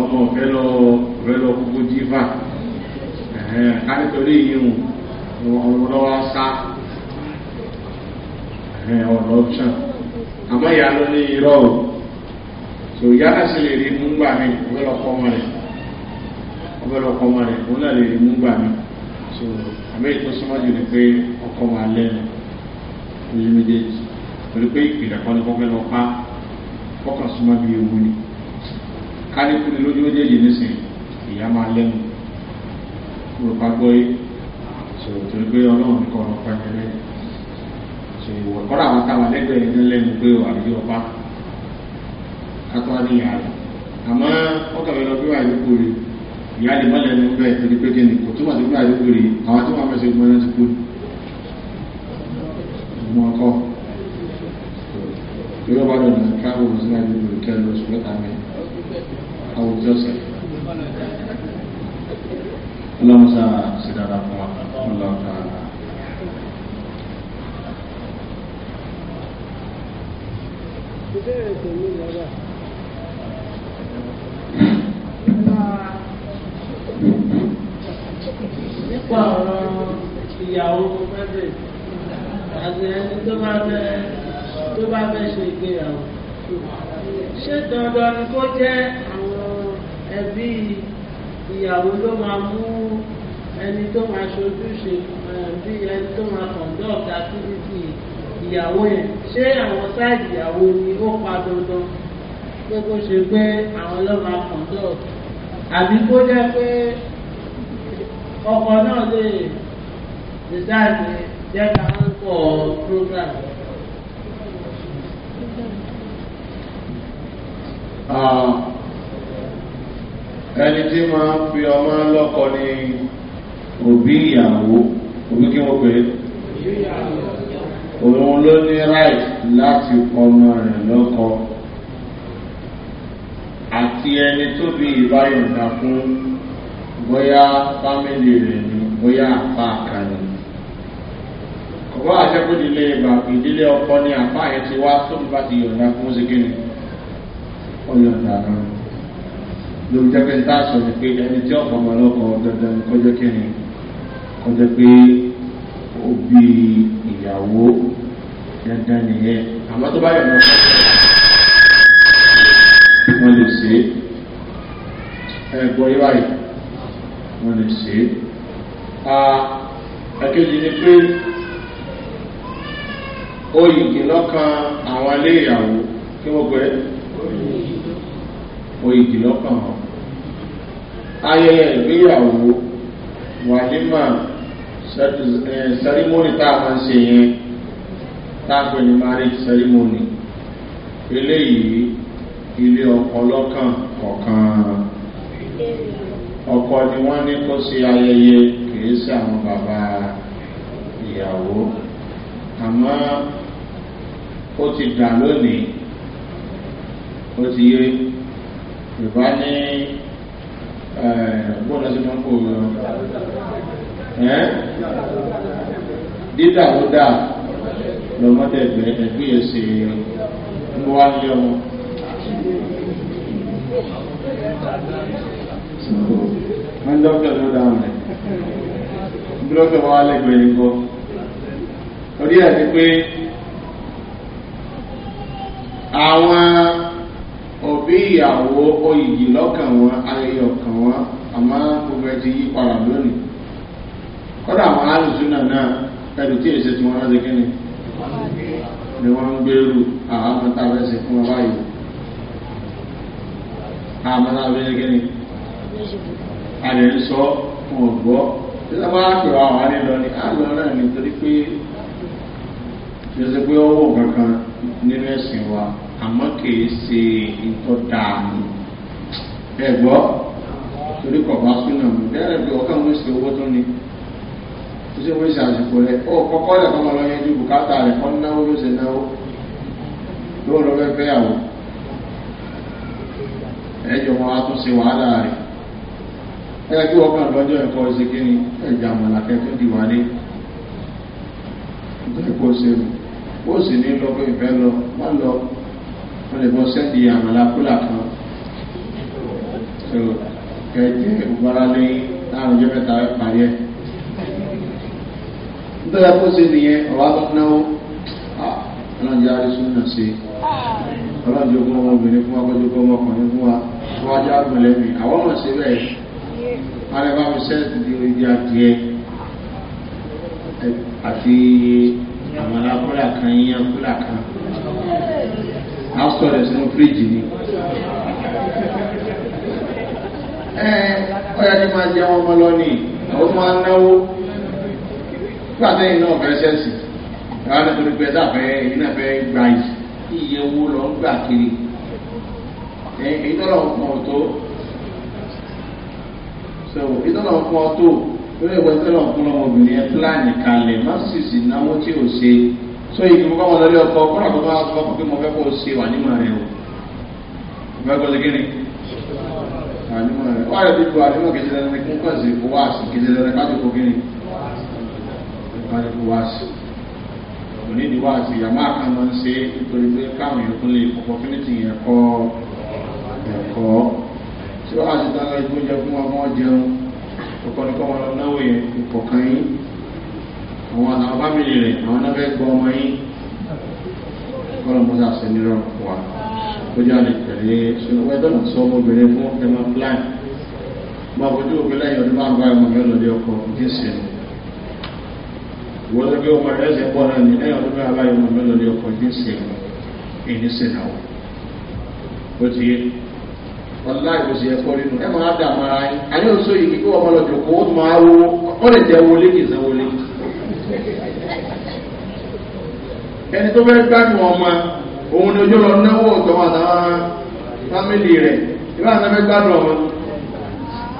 ọmọ fẹ́ lọ fẹ́ lọ kúkú jífà kánítorí yìí wọn ọmọ lọ́wọ́ sá ọ̀nà ọ̀ṣàn àmọ́ ìyá ló ní irọ́ o so ìyá náà sì lè rí mú gbà mí ọbẹ̀ lọ́kọ́ ọmọ rẹ̀ ọbẹ̀ lọ́kọ́ ọmọ rẹ̀ òun náà lè rí mú gbà mí so àmẹ́rì tó súnmọ́ jù ni pé ọkọ̀ máa lẹ́nu ní méjèèjì torí pé ìpìlẹ̀ kan ní kọ́kẹ́ lọ pa ọkàn súnmọ́ bí ewu ni kálíkù ni lójú méjèèjì nísìnyí ìyá máa lẹ́nu olùkọ́ gbọ́ yé so torí pé ọlọ́run ní kọ́ ọ̀pá yẹn lẹ́nu so ìwọ̀ kọ́ra àwọn táwọn lẹ́gbẹ̀ẹ́ yẹn lẹ́nu pé àbí ọba kátó wá níyàrá àmọ́ ọkàn mi lọ bí wà ìyá lè mọ́lẹ̀ ní ọgbẹ́ ìpínlẹ̀ pé kí ni kò túmọ̀ sí pé àdúgbò rí àwọn tó wà fẹ́ sí gbọ́n náà ti kú ọmọ ọkọ torí ọba rẹ̀ nà káàbọ̀ sí àdúgbò rí kẹ́lú oṣù mẹ́ta mi àwùjọ ọ̀sẹ̀ ọlọ́run sá sí fún wa ọlọ́run sá fún àwọn ìyàwó pẹ́pẹ́ àti ẹni tó bá fẹ́ tó bá fẹ́ ṣe ìgbéyàwó. ṣé dandan ni kó jẹ́ àwọn ẹbí ìyàwó ló máa mú ẹni tó máa ṣojúṣe bí ẹni tó máa conduct activity ìyàwó yẹn ṣé àwọn sáìdì ìyàwó ni ó pa dandan pé kó ṣe pé àwọn ló máa conduct àbí kó jẹ́ pé ọkọ náà lè dìsáìdì jẹ́ ká ń pọ̀ program. ẹni tí máa ń fi ọmọ lọ́kọ ni òbí ìyàwó òbí kí wọ́n pè é òun ló ní right láti ọmọ rẹ̀ lọ́kọ àti ẹni tó bí ìbáyọ̀ǹda fún bóyá fámìlì rẹ̀ ni bóyá àpá kan ni kọ̀wá àjẹkùdílé bàbá ìdílé ọkọ ni àpá yẹn ti wá tó ń bá ti yọ̀ǹda fún sígínì ó yọ̀ǹda kan lórí jẹ́pẹ́ ní táàsọ̀ ni pé ẹni tí ọ̀pọ̀ ọmọ ọlọ́kọ̀ dandan kọjá kẹ́ni kọjá pé ó bí ìyàwó dandan nìyẹn àmọ́ tó bá yọ̀ǹda fún wọn lè ṣe é ẹ̀ gbọ́ yí wọ́n lè ṣe é. ẹ̀kejì ni pé ó yìí lọ́kàn àwọn alé ìyàwó kí wọ́n gbé ó yìí lọ́kàn wọn. ayẹyẹ ìgbéyàwó wàlímà sẹrimóni tá a máa ń ṣe yẹn tá a ní marriage ceremony eléyìí ilé ọkọ lọ́kàn kọ̀ọ̀kan ọkọ ni wọ́n ní kó ṣe ayẹyẹ kìí sí àwọn bàbá ìyàwó àmọ́ ó ti dà lónìí ó ti yé yorùbá ní gbọ́dọ̀ eh, sí máa ń kó ẹ́ eh? dídà ó ṣe ń wá lé ọmọ wọ́n dọ́kítọ̀ ló dáhùn rẹ̀ dọ́kítọ̀ wá lẹ́gbẹ̀ẹ́ ní kọ́ orí ẹ̀ ti pé àwọn òbí ìyàwó oyìyì lọ́kàn wọn ayẹyẹ ọ̀kàn wọn àmọ́ gbogbo ẹ ti yí padà lónìí kọ́dà àwọn alùsùnà náà ẹ̀rù tí èsì tí wọ́n rántí kí ni ni wọ́n ń gbèrú àwọn amọ̀tàbẹ̀sẹ̀ fún wọn báyìí àwọn amọ̀tàbẹ̀sẹ̀ kí ni àlèrè sọ fún ọgbọ́ títí wọ́n á pè wá wà ní lọ ní àlọ́ náà nítorí pé jẹ́sẹ̀ pé ọwọ́ kankan nínú ẹ̀sìn wa àmọ́ kìí ṣe ìtọ́ dààmú ẹ̀gbọ́ torí kọ̀ọ̀bá súnà mú bẹ́ẹ̀rẹ̀ bí ọkàn mú sí owó tó ní tó ṣe mú sí àsìkò rẹ̀ ó kọ́kọ́ rẹ̀ kọ́mọ lọ yẹjú bùkátà rẹ̀ kọ́ náwó ló ṣe náwó lóòrò fẹ́ fẹ́ yàwó ẹ̀jọ̀ wọn á tún ṣe wàhálà rẹ̀ ẹgbẹ́ tí wọ́n kàn lọ́jọ́ ẹ̀kọ́ ṣe kí ni ẹ̀jà àmàlàkẹ́ tó di wálé nítorí kó ṣe mú ó sì ní lọ́gbọ́n ìfẹ́ lọ má lọ wọ́n lè bọ́ sẹ́ẹ̀dì àmàlàkúlà kan kẹjẹ ìgbára ní láàrin ọjọ́ mẹ́ta parí ẹ̀ nítorí kó ṣe nìyẹn ọ̀rọ̀ àtọ́kùnáwó ọlọ́njẹ́ àrísùn náà ṣe ọlọ́njẹ́ ogun ọmọbìnrin fún wa kọjú ọmọkùnrin fún wa wọ́n ajá mọ̀lẹ́bí àwọn arẹba fi sẹ́ẹ̀tì ní orílẹ̀ adìẹ àfi àmàlà kọ́là kan yíyan kọ́là kan á sọ̀rọ̀ sínú fíríjì ni ọ̀yà kí máa jẹ́ ọmọ lọ́nì àwọn tó máa náwó nígbà tẹ́yìn náà fẹ́ sẹ́ẹ̀sì ìyá náà tó ní pẹ́ sáfẹ́ èyí náà fẹ́ gba ìyẹ̀wò lọ ń gbà kiri èyí tó lọ́wọ́ pọ̀ tó so ìtọ́nà fún ọ tó lórí ìwé tọ́nà fún ọmọbìnrin ẹ pílánì kalẹ̀ má sì sì náwó tí ò ṣe so ìgbìmọ̀ kọ́ wọn lórí ọkọ kọ́nà tó bá sọ fún pé mo fẹ́ kó ṣe wà nímọ̀ rẹ o ìgbà gbọ́dọ̀ kí ni wà nímọ̀ rẹ wà á dìbò àdìmọ̀ kejì lẹ́nu kún kọ́sì owó àṣì kejì lẹ́nu kájú kó kí ni wà á dìbò àṣì onídìí wá ń ṣe nítorí pé káwọn èèyàn tún lè pọpọ tí ó àti dára igbó jẹ fún ọmọ jẹun ọ̀pọ̀lọpọ̀ wọn náwó yẹn ìkọ̀kan yín àwọn àwọn fámìlì rẹ̀ àwọn náfẹ́ gbọ́ ọmọ yín kọ́lọ̀mọ́sá sí nírọ̀ wà ó jẹ́ àlè tẹ̀lé e. ṣùgbọ́n ẹgbẹ́ náà sọ ọmọbìnrin fún ẹmọ plan máa fojú òbí lẹ́yìn ọdún máa ń bá ẹmọ mẹ́rin lọ́dẹ ọkọ̀ ní ìsinmi wọ́n tó gbé ọmọ rẹ̀ ẹ̀sẹ̀ pọ̀ náà ní lẹ́yìn ọdún máa bá ẹmọ mẹ́rin lọ́dẹ ọkọ̀ ní ìsinmi èyí ní sinmi ó ti yé wọn láì kò sí ẹ̀kọ́ nínú ẹ̀ máa dà máa yín àní oṣù yìí kí wọ́n máa lọ jòkó ó máa wo ó lè jẹ́ wọlé kì í san wọlé. ẹni tó fẹ́ gbádùn ọmọ òun ni ojú lọ náwó ọ̀tọ̀ wọn àtàwọn fámìlì rẹ̀ ìwé àti ẹgbẹ́ gbádùn ọmọ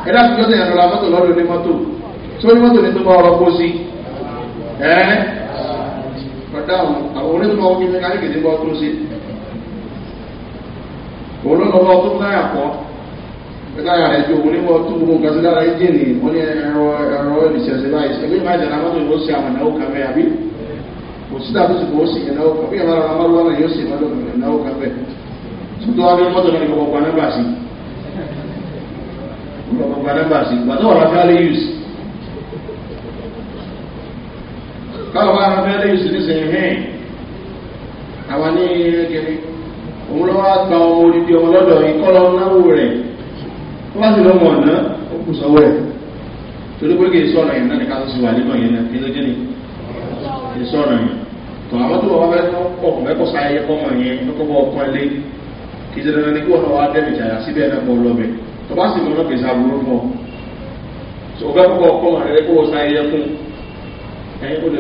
ẹ dákun tó tẹ̀yàn lọ́la mọ́tò lọ́dún ní mọ́tò tí ó ní mọ́tò ní tó bá ọ̀rọ̀ kó sí ẹ́ pàtàkùn àwọn onímọ̀ ọkùnrin mẹ́káníkì ní bọ́ tó sí òun ló lọ́wọ́ tó táyà kọ́ táyà rẹ̀ ju òun níwọ̀ tó gbogbo nǹkan sí lára ni wọ́n ní ẹ̀rọ ẹ̀rọ ìṣẹ̀ṣẹ̀ báyìí ẹgbẹ́ máa jẹ̀ lámọ́tò yóò ṣe àwọn ìnáwó kan bẹ́ẹ̀ àbí kò sí dàbí sùpò ó sì ìnáwó kan bí ìyàrá amáwó náà yóò ṣe ìnáwó kan bẹ́ẹ̀ tó wá bí mọ́tò náà ní gbogbo anábà sí gbogbo anábà sí gbàtọ́ ọ̀rọ̀ fẹ́lẹ́ yìí káwọn bá ara sí ní sẹ́yìn òun lọ́wọ́ gba ọmọ orílẹ̀ ọmọ lọ́dọ̀ yìí kọ́ lọ́wọ́ náwó rẹ̀ tó bá sì lọ́mọ ọ̀nà ó kù sọ́wọ́ rẹ̀ torí pé kì í sọ̀rọ̀ yẹn náà ní ká tó sì wà nínú yẹn náà kí ló jẹ́ ni kì í sọ̀rọ̀ yẹn tó àwọn tó bàbá fẹ́ kọ́ mẹ́kọ̀ sáyẹ kọ́mọ yẹn lọ́kọ́ bọ́ ọkọ ilé kì í sẹ́dọ̀ ní kí wọ́n wá dẹ́bi jàyà síbẹ̀ náà kọ́ lọ́bẹ̀ tó bá sì mú lọ́kì sàbúrú fún ọ tó bá kọ́ ọkọ o sáyẹ fún ẹ̀yin kó lè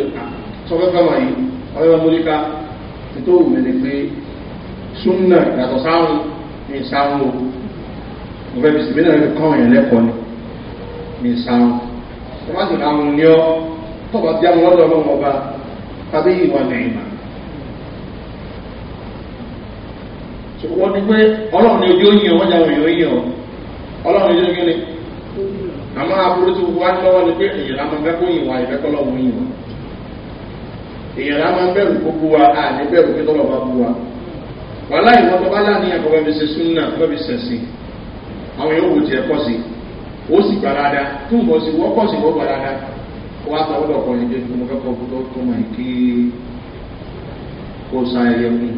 sọ fẹ́ fẹ́ wọ̀nyí ọ̀rẹ́ wọn mú súnà yàtọ̀ sáwọn ní sáwọn o mo fẹ́ bìsì mí náà fi kọ́ ọ̀yàn lẹ́kọ̀ọ́ ni ní sáwọn tó bá sì láwọn ní ọ tó bá ti àwọn ọlọ́dọ̀ ọlọ́run ọba tàbí ìwà nàìjíríà wọ́n ní pé ọlọ́run ní ojú yìí wọ́n jáwọ́ èèyàn yìí ọlọ́run ní ojú yìí àmọ́ aburú ti wá lọ́wọ́ ni pé èèyàn lá máa fẹ́ kó yìnwá ìfẹ́kọ́lọ́wọ́ yìnwá èèyàn lá máa bẹ̀rù gbogbo wa àní bẹ̀rù kí tọ́lọ́ bá bu wa wàhálà ìwọ́n tó bá láàrin ẹ̀kọ́ bá fi ṣe súnà bá fi ṣẹ̀ sí àwọn yóò wò tiẹ̀ pọ̀ sí ó sì gbà dáadáa tó ń bọ̀ sí wọ́n pọ̀ sí wọ́n gbà dáadáa wọ́n á tọ́wọ́ lọ́kọ̀ níbi tí mo kẹ́kọ̀ọ́ kó tó tó mọ̀ kí kó sa ẹyẹ fún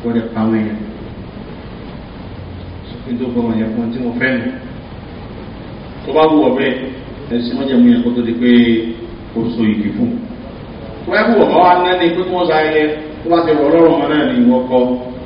kó lè pa àwọn èèyàn sókè tó gbọ́ ẹ̀yẹ fún tí mo fẹ́ nu tó bá wù ọ̀bẹ ẹ̀sìn wọ́n jẹ́ mu yẹn kó tó di pé kó so ìdí fún wọ́n ẹ̀ wù ọ̀bá wa nẹ́ni pé kí wọ́n sa ẹyẹ tó bá ti wọ̀ lọ́rùn ọmọ náà ní ìwọ́kọ́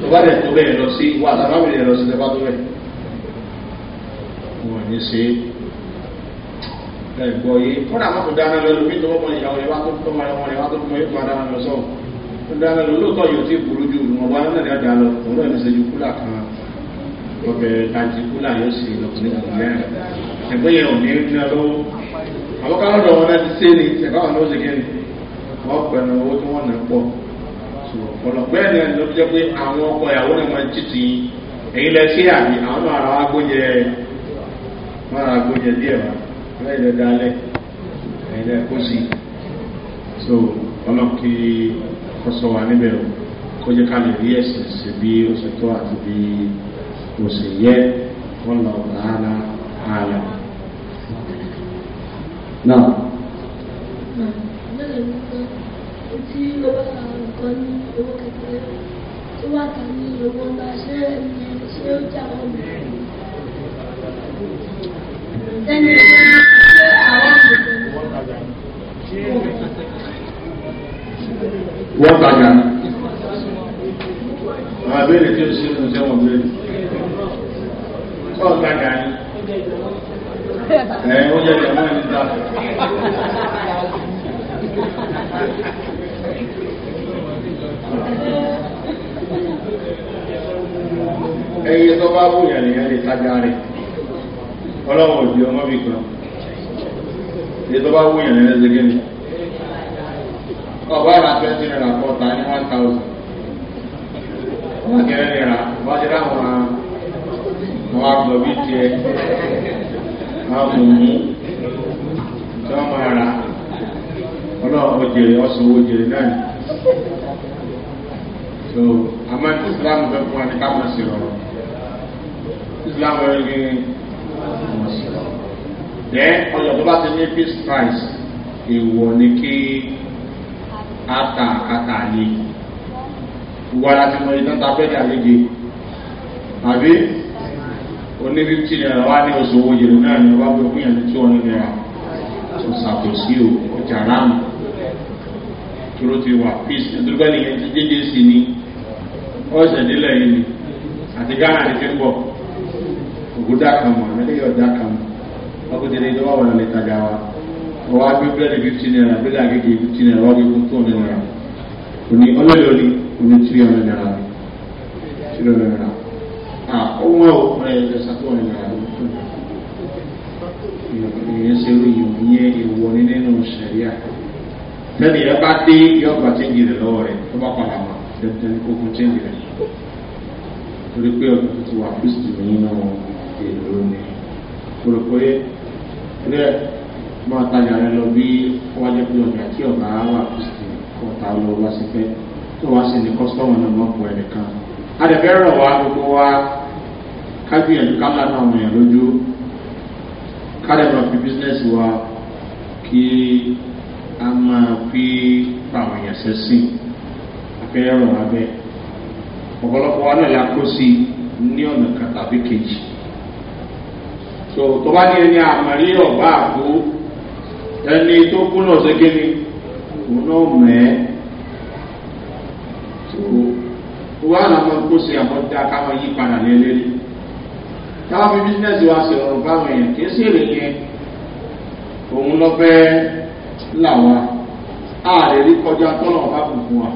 tọ́ba rẹ̀ tó bẹ́ẹ̀ lọ sí wà lábáwò yẹn lọ sí tọ́ba tó bẹ́ẹ̀ wọ́n ní ṣe ẹ̀gbọ́ yìí fúnra máa kò dáná lọ lómi tó wọ́pọ̀ ìyàwó rẹ̀ wá tó tó máa wọn rẹ̀ wá tó tó máa yóò máa dáná lọ sọ́ọ̀ tó dáná lọ lóòótọ́ yóò ti burú ju wọn bá náà dáná lọ òun náà ní ṣe ju kúlà kan ọbẹ̀ tanti kúlà yóò sì lọkùnrin kò mẹ́rin ẹ̀gbọ́ yẹn ò ní ná lọ́wọ́ àbọ̀káwọ́ lọ́wọ́ náà ti ṣe ni ẹ̀káwọ́ náà ó ṣe kẹ́ni wọ́n pẹ̀lú owó tí wọ́n nà pọ̀ ọ̀pọ̀lọpọ̀ ẹ̀ náà ló fi jẹ́ pé àwọn ọkọ̀ ìyàwó náà máa ń títì èyí lẹ sí àmì àwọn náà ara wa gbóúnjẹ díẹ̀ wá lẹ́yìn lẹ dalẹ̀ ẹ̀yìn lẹ kó sí so ọlọ́kì kọsọ wa níbẹ̀ o kó jẹ́ ká lè rí ẹ̀sìn sí bí ó ṣe tó àti bí ó ṣe yẹ wọn lọ rárá ààlà. náà. Hmm tí ó bá àwọn nǹkan ní owó kékeré tó wà ta ní owó ńlá ṣé ẹni ṣé ó jà wọ́n mi. ẹni ṣé àwọn àgbẹ̀ wọ́n tajà àwọn abéèrè tí ó ṣe ń ṣe wọn bẹ́ẹ̀ wọ́n tajà ni ẹ̀ ó yẹ kí wọ́n ta ẹyẹ tó bá wùyàn lèyàn lè tajà rẹ̀ ọlọ́wọ̀n òbí ọmọ bí kan ẹyẹ tó bá wùyàn lèyàn lè gẹ́lẹ̀ ọba ra twenty naira kọta ní one thousand ọba kẹrin naira wọ́n ti ráwọn àwọn àgbọ̀ bíi tiẹ̀ àwọn òmù tí wọ́n ọlọ́run ọjẹrẹ ọsàn owó so àmọ́ islam fẹ́ fún wa ní islam rẹ̀ ní ẹ̀ ọjọ́ tó bá ti ní peace price èèwọ̀ ni kí a ta àkàtà lè wà láti mọ iná ta bẹ́ẹ̀ àlejò àbí oní fifty naira wá ní oṣù owó jẹrẹ náà ni wọ́n bẹ fún yẹn ní two hundred naira tó ṣàkóso ìjà ráàmù tóró ti wà peace ẹ̀dúgbà nìyẹn ti jẹ́jẹ́ sí ni ọ̀sẹ̀ nílẹ̀ yìí ni àti ghana ni fi ń bọ̀ òkú dákan mọ̀ ẹlẹ́yìn ọ̀dákan mọ̀ ọkùnrin ní ìdánwò wọn lè tajà wa ọwọ́ agbé búrẹ́dì fifteen naira búrẹ́dì àgègè fifteen naira wọ́n fi kún tó naira òní ọlọ́lẹ̀ òní òní three hundred naira three hundred naira ah ọwọ́ ọ̀pọ̀ ẹ̀ ẹ̀ sàtọ́ hundred naira ló fún mi ìyẹn ṣe ìyẹn ìwọ ní nínú sẹ̀ríà sẹ́ni ẹ bá dé yóò gba chẹ́ǹgì rẹ̀ lọ́wọ́ rẹ̀ tó bá padà wà tẹ́tẹ́ni kó fún chẹ́ǹgì rẹ̀ torí pé ọdún tó ti wà kristu nínú èrò ni mo rò pé rẹ̀ máa tajà rẹ lọ bí ni kọ́sítọ́mù náà mọ̀ pọ̀ ẹnìkan adẹ̀fẹ́ rọ̀ wá gbogbo wa kábíyànjú ká lánàá àwọn èèyàn lójú ká dẹ̀ máa ká máa fi fáwọn èèyàn sẹ́sìn afẹ́rọ̀ abẹ́ ọ̀pọ̀lọpọ̀ wa náà la kó sí ní ọ̀nà kan tàbí kejì so tó bá ní ẹni àmàlí ọ̀bá àgbo ẹni tó kú náà ṣẹ́gi ni òun náà mẹ́ so wọ́n á lọ́mọ kó sí àwọn dá káwọn yí padà lélẹ́rí káwọn fi bísíǹnẹ́sì wa sí ọ̀rọ̀ báwọn èèyàn kì í sí èrè yẹn òun lọ fẹ́ẹ́. làwọn a rí kọjá tọ́lọ̀ wa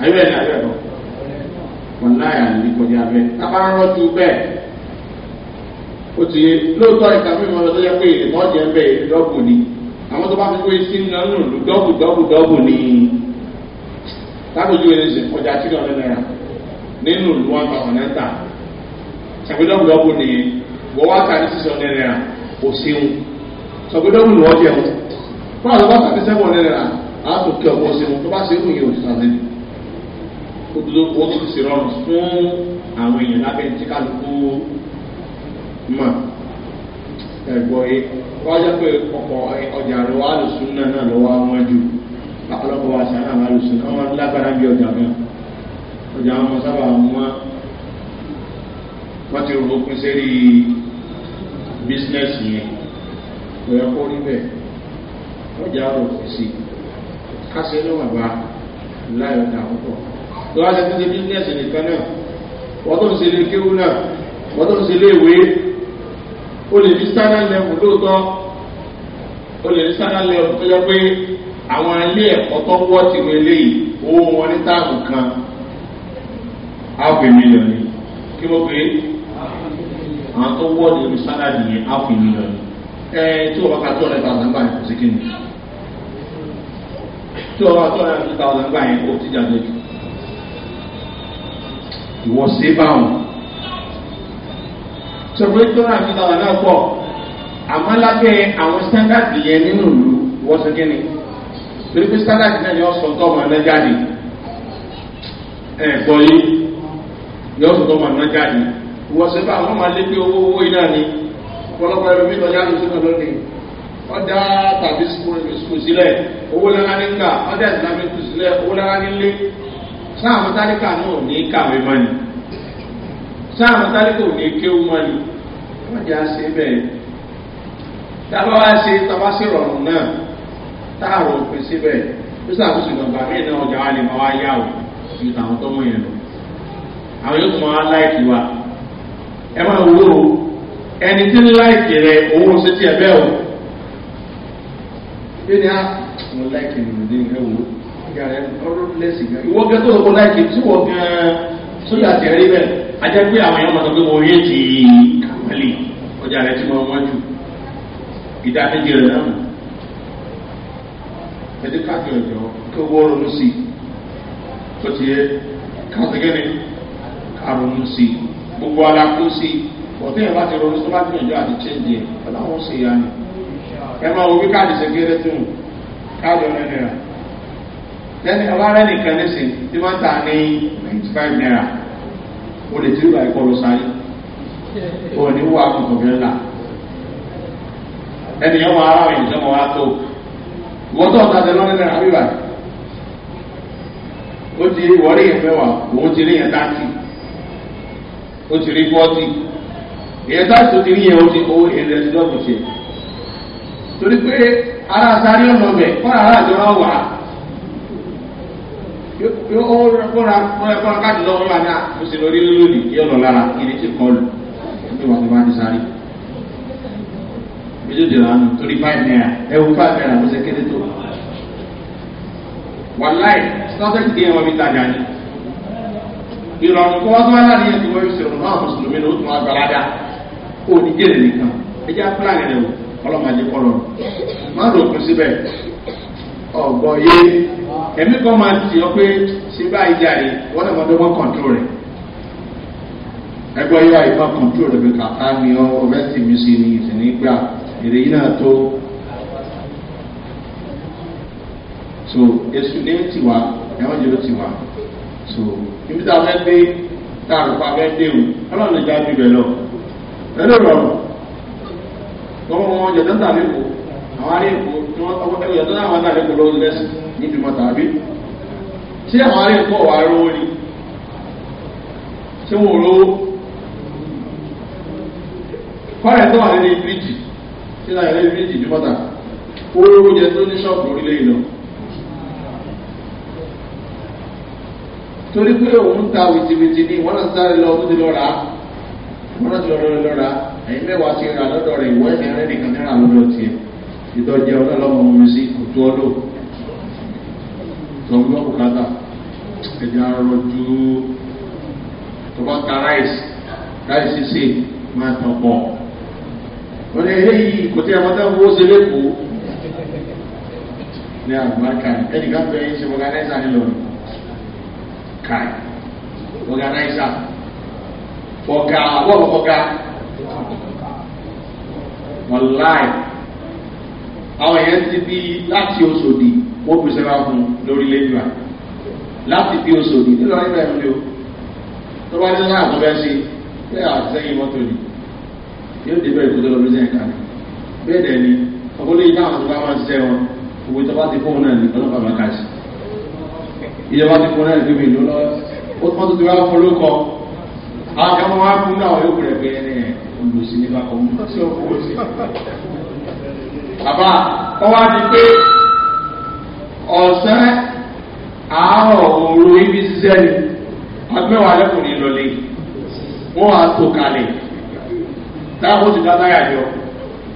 àyẹ̀wò ẹ̀ ní àyẹ̀wò wọn láyà rí kọjá bẹ́ẹ̀ tábà ń rọ́jú bẹ́ẹ̀ ó ti yé lóòótọ́ ìka mímọ́ lọ tó pé èdè náà ń ni àwọn tó bá fi wé sí nínú ọ̀nà dọ́bù dọ́bù dọ́bù ni lábòjú ẹni kọjá tí náírà nínú ìlú wọn ni wọ́n wá ní sísọ náírà kọ́nà tó bá tàbí sẹ́wọ̀n rẹ̀ rà á tó kí ọ̀pọ̀ sí wọn tó bá ṣe é wòye òṣìṣẹ́ àti òdodo wọn tó ṣe rọrùn fún àwọn èèyàn lábẹ́ tí kálukú mà ẹ̀gbọ́ yìí wọ́n á jẹ́ pé ọ̀pọ̀ ọjà rẹ̀ wà lóṣùn náà náà lọ́wọ́ wọn jù ọlọ́pọ̀ wa ṣàánà wà lóṣùn náà wọn lágbára bí ọjà náà ọjà wọn sábà wọn wọ́n ti rò ó pín sẹ́rí bísínẹ́sì yẹn kò yẹ kó rí ọjà òfin sí kásẹ̀ ní wàbá láyọ̀ dà púpọ̀ tó wá sí fún ti bísínẹ́sì nìkan náà wọ́n tó ń se lé kéwú náà wọ́n tó ń se lé ìwé o lè ní standard level lóòótọ́ o lè ní standard level tó yẹ pé àwọn ilé ẹ̀kọ́ tó wọ́ ti wọ eléyìí owó wọn ní táàbù kan half a ni kí wọ́n pè é àwọn tó wọ́ ní standard yẹn half a million ni ẹ tí wọ́n bá ka tó ọ̀rẹ́ ta ọ̀sán báyìí sí kí ni tí ọ̀rọ̀ two hundred and fifty thousand yẹn kó ti jáde jù ìwọ sí báwọn sọ̀rọ̀ two hundred and fifty thousand náà pọ̀ àmọ́ lábẹ́ àwọn standard yẹn nínú ìlú wọ́n ṣe kíni torí pé standard náà yọ sọ tọ́mọ ẹ̀ jáde ẹ̀ gbọ́ yìí yọ sọ tọ́mọ ẹ̀ jáde ìwọ sí báwọn wọ́n máa lé pé owó owó iná ni ọ̀pọ̀lọpọ̀ ẹ̀rọ mi lọ yá lóṣù náà lónìí ọjà tàbí sùkúrù sílẹ̀ owó lára ní gbà ọjà ìsìlámì kù sílẹ̀ owó lára nílé sáàmù tálíkà náà ní kàwé mọ́ni sáàmù tálíkà ò ní kéwú mọ́ni ọjà ṣe bẹ́ẹ̀ tábà wá ṣe tábà sí rọrùn náà táàrọ̀ òfin síbẹ̀ ó ṣàkóso ìgbàgbà mí náà ọjà wa lè máa wá yá o ju tàwọn tó mọ̀ yẹn lọ àwọn yóò tún máa láìkì wa ẹ máa wúlò ẹni tí ń láìkì rẹ owó ṣe tiẹ̀ bẹ́ẹ̀ o yóò ní à ah, mo láìkì nínú ní ni, wò yàrá ọ̀rọ̀ lẹsì gan ìwọ gan tó lọkọ láìkì tí wọ gan sójà tẹ rí bẹ ajẹ pé àwọn èèyàn mọtò pé wọn yé ti kàmálì ọjà rẹ tí wọn wọn jù ìdá méjì rẹ náà ẹdí káàkiri ọjọ kí owó ronú sí tó ti yẹ káàkiri kàrònú sí gbogbo alákó sí bọ̀dé ẹ̀ bá ti ronú tó bá gbìyànjú àti chẹ́ǹdì ẹ̀ ọ̀làwọ̀n sì yá ni ẹ máa wo bí káàdì ṣe kéré tó ń káàdì ọ̀nà náírà lẹ́ni ọ̀bára nìkan nísìn tí wọ́n ta ní ninety five naira o lè tìrìbà ìkọlù sáré o ní wà kọ̀kọ̀bí ńlá ẹni yẹn wọ ara rẹ̀ ìjọ mọ̀ wá tó wọ́n tó ọ̀tá tẹ̀lé ọ̀nà náírà bíbà ó ti wọ́n rí yẹn fẹ́ wà òun ti rí yẹn táǹkì ó ti rí fọ́ọ̀tì ìyẹn táǹkì tó ti rí yẹn ó ti owó ìrẹsì lọ́gùn ṣe torí pé ara sáré ọ̀nà bẹ̀ kọ́ra ara àjọra wà yóò kóra kóra káàdì lọ́wọ́ wà ní àkóso lórí lónìí yóò lọ lára kiri tí kọ́ lù ní wọn tó bá ti sáré méjèèjì rà nù torí five naira ẹwù five naira ló ṣe kéde tó wàláì sọ́sẹ́tì kí ẹ̀wọ̀n mi tajà ni ìrọ̀rùn kó wá tó wá láti yẹn tó wọ́n fi ṣèrò náà mùsùlùmí ló tún agbára dá òní jèrè nìkan ẹjẹ́ apẹ́lá rẹ̀ wò ọlọ́mọ ajé kọ́ lọ má lò kún síbẹ̀ ọ̀gbọ̀ yé ẹ̀mí kan máa tì ọ́ pé ṣé báyìí jáde wọ́n náà máa dọ́gbọ́n kọ̀ǹtò rẹ̀ ẹgbẹ́ yóò àyíká kọ̀ǹtò rẹ̀ bí kàkà ni ọ ọ̀rẹ́sì mi sì ní ìsìn nígbà èrè yìí náà tó so èsù ní tiwa ẹ̀wọ̀n jẹ́ ló tiwa so ibi tá a fẹ́ dé tá a rò pa fẹ́ dé o ọlọ́run ìjà ju ibẹ̀ lọ ẹ ló rọrùn tọ́wọ́ wọn yọ̀dọ́ tàbí kò àwọn arí èkó yọ̀dọ́ náà wọn tàbí kò ló lẹ́sìn níbi mọ̀ tàbí tí àwọn arí wà rówó ni tí wọn rówó kọ́rẹ̀ tó wà nínú bíríjì tí náà yọ̀dọ́ bíríjì ní mọ́tà ó jẹ tó ní ṣọ́ọ̀bù orílẹ̀ ìlọ torí pé òun ta wìtìwìtì ni wọ́n náà sáré lọ tó ti lọ wọ́n náà ti lọ rẹ̀ ẹ̀yin mẹ́wàá ti ra lọ́dọ̀ rẹ̀ ìwọ́ ẹ̀sìn rẹ̀ nìkan náírà lọ́dọ̀ tiẹ̀ ìdọ́jẹ́ ọlọ́lọ́mọ omi sí kùtù ọlọ́ tọ́gbọ́n bùkátà ẹ̀jẹ̀ arọ́jú tó bá ta ráìsì ráìsì sí máa tàn pọ̀ wọ́n ní eléyìí kò tí a máa tán wó sílé kú ní àgbàkà ẹnìkan fẹ́ ṣe wọn láì àwọn èèyàn ti bí láti oṣòdì wọ́n pèsè wá fún lórílẹ̀ ìgbà láti bí oṣòdì nílò ẹgbẹ́ mi o tó bá ní láàbù bẹ́ẹ̀ sí bẹ́ẹ̀ àtẹ́yìn mọ́tò ni yóò dé bẹ́ẹ̀ tó tó lọ bí sẹ́yìn kan bẹ́ẹ̀ dẹ̀ ni ọkùnrin yìí náà tó bá máa ṣiṣẹ́ wọn òwe tó bá ti fóun náà ní ọlọ́pàá máa kà sí ìjọba ti fóun náà ní gbẹ̀mí lọ́wọ́ ó tó ti wá fún àwọn kan òun sì ní bákan òun sì ọkọ òun sì. bàbá wọn wá di pé ọ̀sán àárọ̀ òru ibi ṣiṣẹ́ ni agbẹ́wàá lẹ́kùnrin lọ́lẹ̀ wọ́n á tó kalẹ̀ táwọn ti dá táyà yọ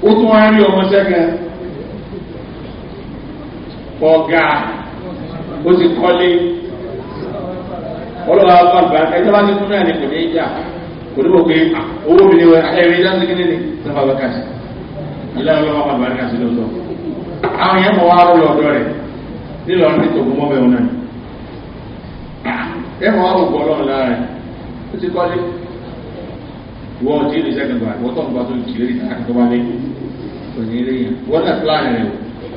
ó tún wá rí ọmọ sẹ́kẹ̀ ọ̀gá ó ti kọ́lé ọlọ́wà bàbá ẹjọ́ bá ti kú náà ni kò ní í jà kò ní bò pé ah, owó mi ni wẹ ẹ̀rí láti kí nínú ìjọba bá kàṣì ìlànà lọ́wọ́ bá bàbá kàṣì lọ́tọ̀ àwọn yẹn mọ̀ wá rọ̀ ọ̀dọ́ rẹ̀ nílò ọ̀rẹ́ tó gbọmọ bẹ̀ wọn náà yẹn ah, mọ̀ wá rọ̀ gbọ́ ọlọ́run lára rẹ̀ ó ti kọ́lé ìwọ ọtí ní sẹ́kẹ̀ndì wa ìwọ tọ́nu bá tó ti lérí àti tó bá lé kò ní lé yẹn wọ́n náà plan rẹ̀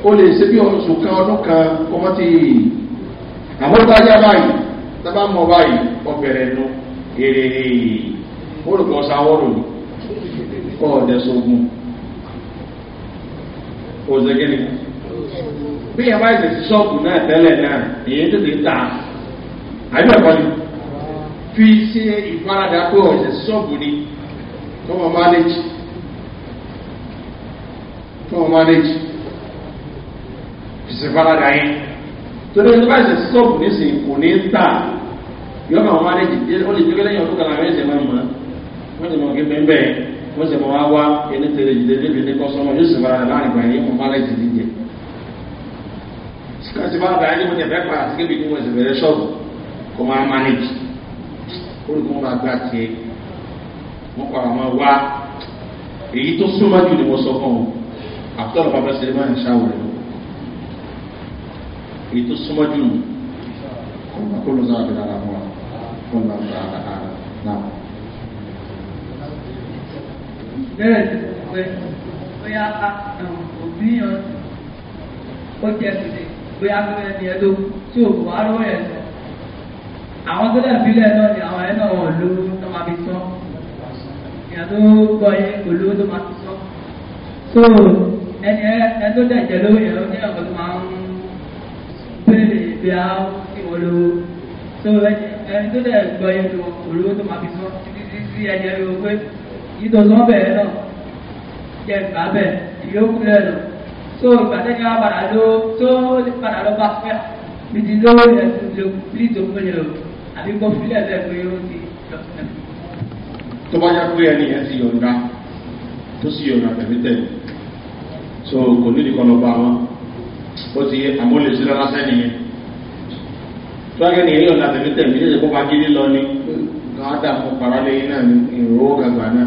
o lè ṣe bí ọdún sùn kan ọdún kan ọmọ ti àmọ́ bá yá báyìí tábà mọ̀ báyìí orúkọ sáwọ́rò kọ́ ọ̀dẹ sógun òzègéni bí yẹn bá ti sọ́ọ̀kù náà tẹ́lẹ̀ náà èyí tètè ta àbí ẹ̀kọ́ ni fi ṣe ìfaradà pé ọ̀sẹ̀ sọ́ọ̀kù ni kọ́ ọ mánéjì kọ́ ọ mánéjì fi ṣe ìfaradà yẹn torí ẹni bá ṣe sọ́ọ̀kù nísìnyí kò ní ta yọ̀ọ́ máa mánéjì ó lè jókè lẹ́yìn ọdún kan láwọn ẹ̀ṣẹ̀ máa mọ̀ ọ́ wọ́n ti mọ̀ kí bẹ́ẹ̀ bẹ́ẹ̀ wọ́n ti mọ̀ wá wá ẹni tẹ̀lé ìdílé débi ní kọ́sọ́mọ́ yóò sì fara láàrin gbà yín fún bálẹ̀ ìdílé jẹ. sikasi bá bàa ní mo tẹ̀ fẹ́ pa àti kébi ní mo sì bẹ̀rẹ̀ ṣọ́ọ̀bù kó máa manage olùkọ́ wọn bá gbà tiẹ̀ wọ́n pa àwọn wá èyí tó súnmọ́ jù ni mo sọ fún ọ àtọ́rọ̀ bàbá sinimá ń ṣàwòrán èyí tó súnmọ́ jù ni kó lọ sára bí dára fún wa fún ọ̀nà àgbà àgbà náà bẹ́ẹ̀ ti sọ pé bóyá òbí yan ó jẹ́ tètè bóyá tó yẹ ni ẹ ló tí o wà ló yẹ sọ. àwọn tó dẹ̀ bílẹ̀ náà ni àwọn ẹ náà wọ̀ lówó tó máa fi sọ. ìyá tó kọ yẹn kò lówó tó máa fi sọ. so ẹni ẹ tó dẹ̀ jẹ́ lówó yẹn ló ní ọ̀gọ́ tó máa ń béèrè bí a ti wọ́n lówó. so ẹni tó dẹ̀ gbọ́ yẹn tó wọ́n kò lówó tó máa fi sọ títí sí ẹni ẹ ìdọ̀sán bẹ̀rẹ̀ náà jẹ́ ìgbà bẹ̀rẹ̀ ìyókù rẹ̀ lọ tó ìgbàdéjà padà ló tó padà lọ bá fẹ́ mi ti lówó yẹn tó lè kúlì tó fún yẹn o àbí kó fílẹ̀ bẹ́ẹ̀ pé ó ti lọ sílẹ̀. tó bá yá pé ẹni yẹn ti yọ̀ǹda tó sì yọ̀ǹda tẹ̀mí tẹ̀mí so kò ní ìdíkọ́ lọ bá wọn ó ti àmúlẹ̀sílẹ̀ lásán nìyẹn tó bá yẹ ni yọ̀ǹda tẹ̀mí tẹ̀mí ní ìṣẹ̀kọ́ bá jí lílọ ni. Ada dà fún paralẹ́ yìí náà ní ìró gàgbà náà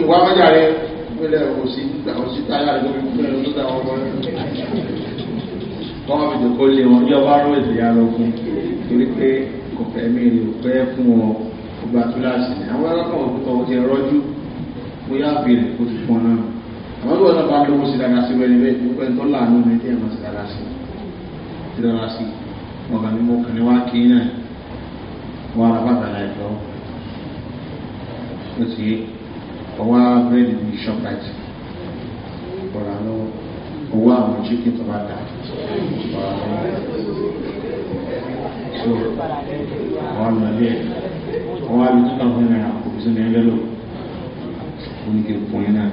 ìwà mọ́jà rẹ̀ gbélé òsì táyà rẹ̀ lórí gbélé lórí àwọn ọmọ rẹ̀ kọ́mọ́ fìdí kó lé wọn yọ bá rú èdè ya lọ fún torí pé kò fẹ́ mi ò fẹ́ fún ọ ọgbà kíláàsì ni àwọn ẹlẹ́kọ̀ọ́ òkúta ó ti rọ́jú bóyá bèrè kó ti pọn náà àmọ́ bí náà bá lówó sí dáadáa sí wẹ́ni bẹ́ẹ̀ tó pẹ́ láàánú mi tí ẹ̀ sí dáadáa sí sí sí ọ̀gá ni ní wá kí náà wọn ara bàtà láìpẹ́ ó ti ọwọ́ abẹ́rẹ́ ní ṣọ́kàtì ọ̀rọ̀ lọ́wọ́ owó àwọn chicken tó bá dà ọ̀rọ̀ lọ́wọ́ ọwọ́ àbí tó kàn fún náírà kò sí ní ẹlẹ́lò oníkè pọ́n náà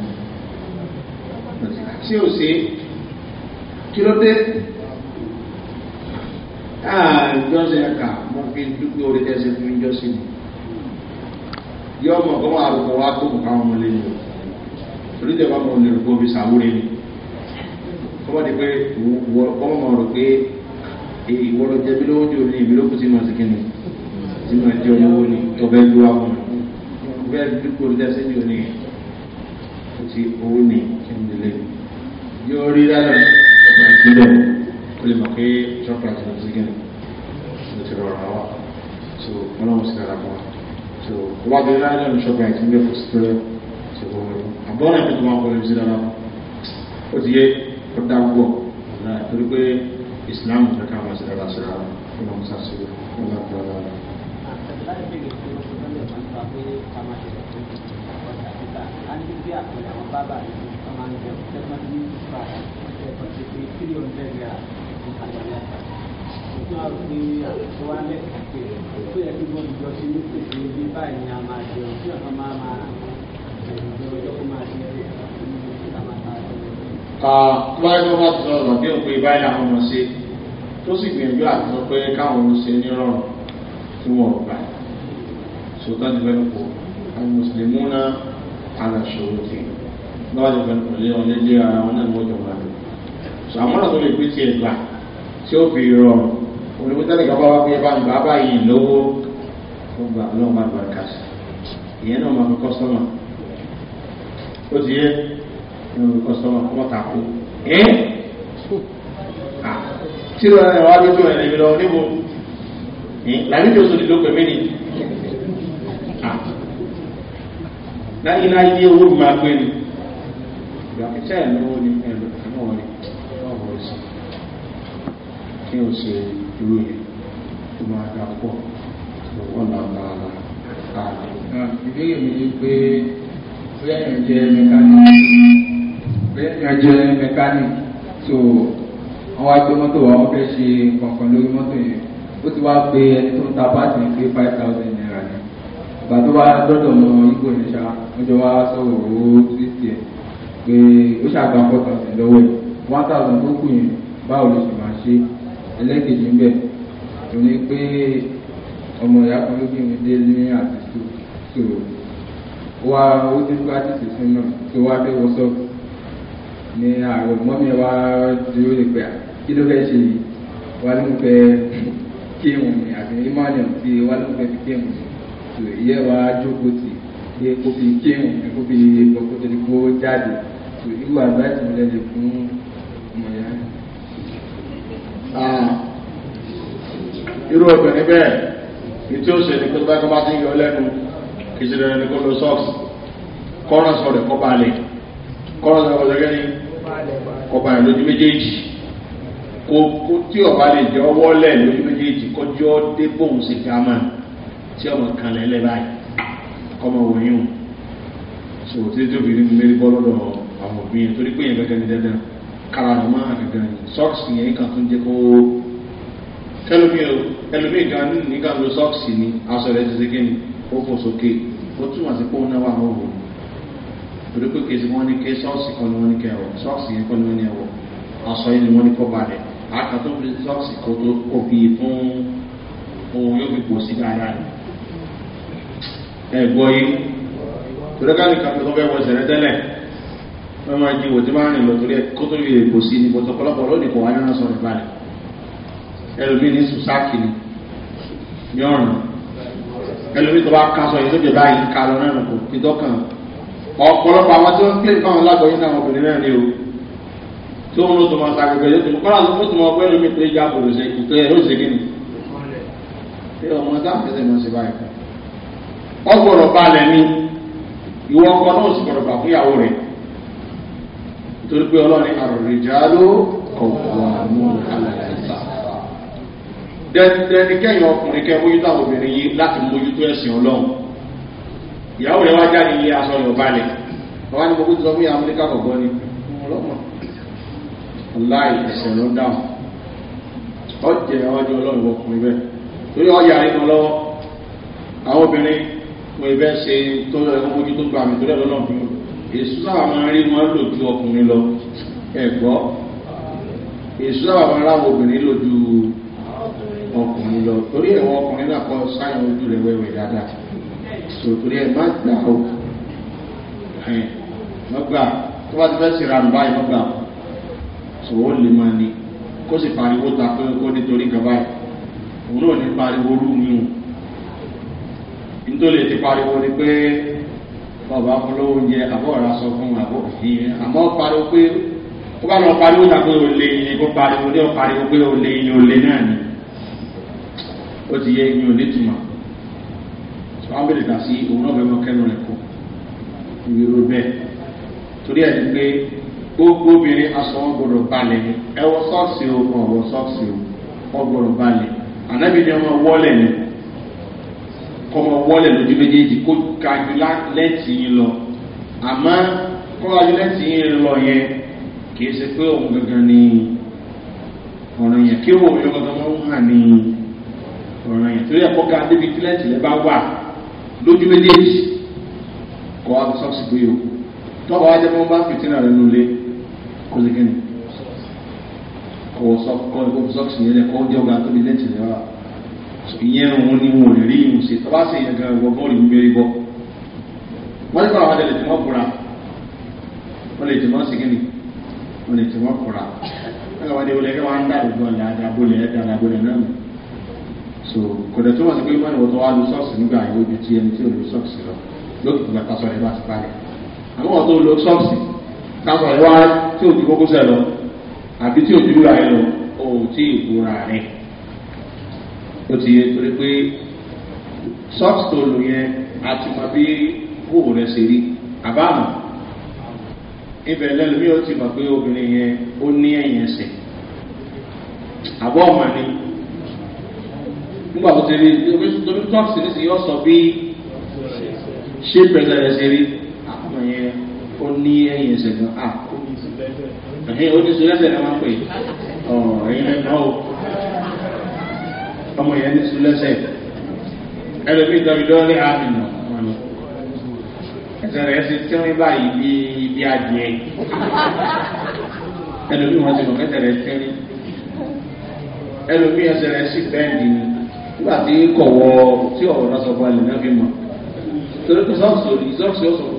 tí ó ṣe kí ló dé ààrùn jọ́sẹ̀ ẹ̀ka bí dúpẹ́ orí tẹ́sí fún mi jọ́sí mi yọ ọmọ kan wà lóko wá tó nǹkan ọmọ lé ní torí tẹ̀ bá mọ̀ ní rògbò mi sàwúrẹ́ ni kọ́ bá di pé ọmọ mọ̀ rò pé ìwọ ló jẹ́ bí lówó jù ní ìbí lókùn sínú ọ̀sìn kìnnì sínú ẹ̀jẹ̀ olówó ni tọ́bẹ̀ lu àwọn bẹ́ẹ̀ dúpẹ́ orí tẹ́sí jù ní kò sí owó ní ìdílé yóò rí rárá ìgbà ìpínlẹ̀ ó lè mọ̀ pé chocolate ló ti kìnnì tẹ̀lé ọ̀rọ̀ wa so ọlọ́run sí dára fún wa so tó bá ti ráyé lẹ́nu ṣọ́gbà ẹ̀ tí ń gbé fò sí tẹ́lẹ̀ so kò wọ́n àbọ̀nà ẹ̀ tó máa kọ́ lẹ́nu sí dára ó ti yé ó dá gbọ́ ọ̀la torí pé islam fẹ́ ká máa sí dára sí dára fún ọmọ sàṣẹ ọlá tó ọlá rẹ. Thank you wáyé tó bá ti sọ ọ̀rọ̀ bí òpin báyìí àwọn ọmọ ṣe tó sì gbìyànjú àti sọ pé káwọn ọmọ ṣe nírọ̀rùn tí wọ́n gbà ṣùgbọ́n ti fẹ́ kó àwọn mùsùlùmí náà aláṣọwọ́ tì náà ti fẹ́ kó lé wọn lé lé ara wọn náà wọ́n jọ wà lọ. sàmúlò tó lè pín tiẹ̀ gbà tí ó fi rọrùn olùkọ́ tẹ́lẹ̀ kan bá wá pé bá ń gbà bá yìí lówó ó gbà ọlọ́run bá gbà kà sí ìyẹn náà máa fi kọ́sọ́mà ó ti yẹ ìyẹn máa fi kọ́sọ́mà wọ́n ta kú ẹ́ tí ló ń wá lójú ẹ̀ lèmi lọ níbo làbíbi oṣù ti lóko èmi ni láyé náà yí owó mi máa gbé ni ìgbà kẹsẹ́ ẹ̀ lówó ni ẹ̀ lọ́wọ́ ni wọ́n bọ̀ ọ́ sí kí o ṣe irú ẹ̀ tó máa dà pọ̀ tó wọ́n là bá a kà. ìbéèrè mi ni pé bóyá èèyàn jẹ́ mẹkáníìkì bóyá èèyàn jẹ́ mẹkáníìkì tó wọ́n wá mọ́tò wa wọ́n fẹ́ ṣe kankan lórí mọ́tò yẹn ó ti wá pé ẹni tó ń ta báàtì ní pé five thousand naira ni ìgbà tó wá dọ́dọ̀ mọ́ igbó ní ṣá wọ́n jọ wá sọ̀rọ̀ owó títí ẹ̀ pé ó ṣàgbà four thousand lọ́wọ́ ẹ̀ one thousand tó kù yẹn báwo ló ṣe máa ṣe é ẹlẹ́kejì ń bẹ̀ tó ní pé ọmọ ìyá kan ló bí dé ní àti tó wá ó ti gbá títí fún náà tó wá bẹ́ wọ sọ́ọ̀bù ní ààrùn mọ́mí wa dúró lè pẹ́ kí ló fẹ́ ṣe yìí wá ló ń fẹ́ kéwùn mi àti emmanuel tí wá ló ń fẹ́ fi kéwùn mi tó ìyẹ́ wa jókòó tì pé kó fi kéwùn mi kó fi gbọ́ kó tó ti kó jáde tó irú àgbáyé tí mo lẹ́ lè fún Ah. irú obìnrin bẹ́ẹ̀ ní tí ó ṣe ní kótó bá kọ́ bá ti yọ lẹ́nu kì í ṣe dandan ní kó lo socks kọ́rọ̀ sọ rẹ̀ kọ́ bá lẹ̀ kọ́rọ̀ sọ rẹ̀ kọ́ ní kọ́ bá lẹ̀ lójú méjèèjì kó tí ọba lè jẹ́ ọwọ́ lẹ̀ lójú méjèèjì kọjọ́ dé bóun sì fi àmà tí ọmọ kan lẹ̀ báyìí kọ́mọ wòyún sòwò tí tó fi mẹ́rin bọ́ lọ́dọ̀ àwọn òbí yẹn torí pé yẹn gẹ́gẹ́ ní dandan karahàn máa hàn gan ni sọ́ọ̀sì yẹn kan tó ń jẹ́ kó ẹlòmíì gan ní nígbà tó sọ́ọ̀sì ni aṣọ rẹ̀ ti ni ó fò sókè ó túmọ̀ sí pé ó náwó àwọn òwò torí pé kèsì wọn ní ké sọ́ọ̀sì kan ni wọ́n ní kẹ́ ẹ̀wọ̀ sọ́ọ̀sì yẹn kan ni wọ́n ní ẹ̀wọ̀ aṣọ yẹn ni wọ́n ní kọ́ balẹ̀ àkàtó sọ́ọ̀sì kan tó kò fi fún òun yóò fi pò sí dáadáa ni ẹ̀gbọ́ yìí torí ká ní kàtó tó fẹ́ wọ wọ́n máa jí wòtí máa rìn lọ torí ẹ̀ kó tó lè èkó sí ní bọ́tọ̀ lónìí kò wá nínú sọ̀rọ̀ ìbàdàn ẹlòmí ní sùsáàkì ni ní ọ̀rùn ẹlòmí tó bá ká sọ yìí lóde báyìí ká lọ náà kò fi dọ́kàn ọ̀pọ̀lọpọ̀ àwọn tí wọ́n ń pè fáwọn lágbọ̀ọ́yìn náà wọn obìnrin náà ni o tí wọ́n ló tó máa sàgbẹ̀gbẹ̀ yóò tó kọ́lá ló tó máa gbẹ́ lómi pé ìjà bòrò ṣe ìtọ́ ẹ̀ yóò ṣe kí ni ṣé ọmọ sáfẹ́sẹ̀ ọgbọ̀rọ̀ balẹ̀ ni ìwọ ọkọ náà sì gbọ̀rọ̀ bà fún ìyàwó rẹ̀ torí pé ọlọ́run àròrìjáló kọ̀ọ̀kọ̀ọ̀mù alàlẹ́ta dẹni kẹ́yìn ọkùnrin kẹ́ mójútó àwọn obìnrin yìí láti mójútó ẹ̀sìn ọlọ́run ìyàwó rẹ̀ wá jáde ilé aṣọ rẹ̀ balẹ̀ bàbá ni mo kó ti sọ fún ìyá amúlíkà kọ̀ọ̀kan ni ọlọ́mọ láì ẹ̀sẹ̀ ló dáhùn ọjẹ́ ọjọ́ ọlọ́run ọkùnrin bẹ́ẹ̀ torí ọjà rẹ̀ kan lọ́wọ́ àwọn obìnrin mo ì èso táwọn máa rí wọn lò ju ọkùnrin lọ ẹ̀gbọ́ èso táwọn máa ráwọ obìnrin lò ju ọkùnrin lọ torí ẹ̀wọ̀n ọkùnrin náà kọ́ sáyẹn ojú rẹ̀ wẹ̀wẹ̀ dáadáa sòtúrí ẹ̀ má gbà ó ẹ̀ má gbà tó bá ti fẹ́ sèrà ń báyìí má gbà ó sòwò lè máa ní kó sì pariwo ta pé kó nítorí gàbá yìí òun náà ní pariwo rú mi hù nítorí ti pariwo ni pé. ọba polówó oúnjẹ àbọ̀ ọ̀rá sọ fún àbọ̀ ìyẹn àmọ́ pariwo pé ó bá lọ pariwo tàbí olè yìí kó pariwo ní ọ̀pariwo pé olè yìí olè náà ni ó ti yẹ ẹyin onítùmọ̀ wọn bẹ̀rẹ̀ kà sí òun náà bẹ̀ mọ́ kẹ́nu rẹ̀ bẹ́ẹ̀ gbogbo obìnrin aṣọ wọn gbọdọ̀ balẹ̀ ni ẹ wọ sọ́ọ̀sì o sọ́ọ̀sì kọ́mọ wọlé lójú méjèèjì kó kájú lẹ́tì yín lọ àmọ́ kó kájú lẹ́tì yín lọ yẹn kì í ṣe pé òun gangan ni ọ̀ràn yẹn kí òun yọ̀ọ́ gangan wọ́n hàn ní ọ̀ràn yẹn torí ẹ̀kọ́ ká débi tí lẹ́tì lẹ́ bá wà lójú méjèèjì kọ́ wá sọ́ọ̀sì pé o tọ́wọ́ ajẹ́ mọ́ bá fìtínà rẹ̀ nulẹ̀ kó lè kẹ́ni kọ́ sọ́ọ̀sì yẹn lẹ́kọ́ jẹ́ ọ̀gá tóbi lẹ́tì lẹ́wà ìyẹn òun ni wọn ò lè rí ìhùn sí tọ́ba sì yẹn gan ìwọ bọ́ọ̀lù mímẹ́rí bọ́ wọ́n ti kọ́ àwọn àdẹ̀lẹ̀ tí wọ́n kura wọ́n lè tìmọ́ sí kíni wọ́n lè tìmọ́ kura ẹ̀ka wọ́n dé wọlé ẹ̀ka wọ́n dá àdúgbò ọ̀la àdàbọ̀lẹ̀ ẹ̀dá àdàbọ̀lẹ̀ náà so kọ̀dẹ̀ tó wọ́n ti pé wọ́n wọ́n tó wá lu sọ́ọ̀sì nígbà yóò ju ti ẹni tí ò lu sọ́ọ̀sì lọ lókè ìgbà tasọ̀ rẹ̀ bá ti palẹ̀ àmọ́ wọ́n tó lu sọ́ọ̀sì tasọ̀ rẹ̀ ó ti yẹ torí pé sọ́ọ̀tòlù yẹn àti mọ bí kóòwò rẹ̀ ṣe rí àbámu ibẹ̀ lẹ́nu mi ò ti mọ̀ pé obìnrin yẹn ó ní ẹ̀yìn ẹsẹ̀ àbọ̀ ọ̀mà ni nígbà tó ti rí omi tóbi tọ́ọ̀sì nísìnyí ó sọ bí ṣé pẹ̀lú rẹ̀ ṣe rí àbámu yẹn ó ní ẹ̀yìn ẹsẹ̀ gan-an ó ní sùn lẹ́sẹ̀ ni wọ́n pè é ẹ̀yìn ẹ̀ náà ó ọmọ yẹn ní sùlẹ́sẹ̀ ẹlòmí ìtọ́júdọ́rí àmìnà ẹsẹ̀ rẹ̀ ṣe tí wọ́n báyìí bí bí adìẹ ẹlòmí wọn ti mọ̀ kẹsẹ̀ rẹ̀ tẹ́rí ẹlòmí ẹsẹ̀ rẹ̀ sì bẹ́ẹ̀dì ni nígbà tí kọ̀wọ́ tí ọ̀rọ̀ náà sọ fún alẹ́ náà fi mọ̀ torí pé sọ́ọ̀sì sọ́ọ̀sì ọ̀sọ̀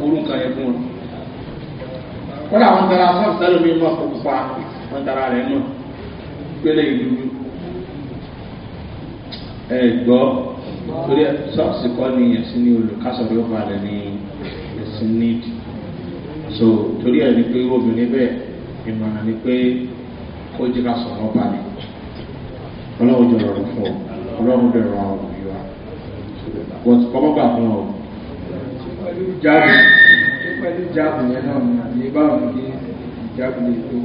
ẹ gbọ́ torí sọ́ọ̀sì kọ́ ni ẹ̀sìn ní olùkásọ̀rọ̀ yóò balẹ̀ ní ẹ̀sìn níìdì so torí ẹ̀ ni pé obìnrin bẹ́ẹ̀ ìmọ̀ràn ni pé kó jẹ́ ká sọ̀rọ̀ balẹ̀ ọlọ́run jọ rọrùn fún ọ ọlọ́run bẹ̀ rọ àwọn òbí wa but kọ́mọ́ gbà fún ọ. pẹ̀lú jáàbù pẹ̀lú jáàbù yẹn náà ni àbí báwo ni kí ìjáàbù lè tó.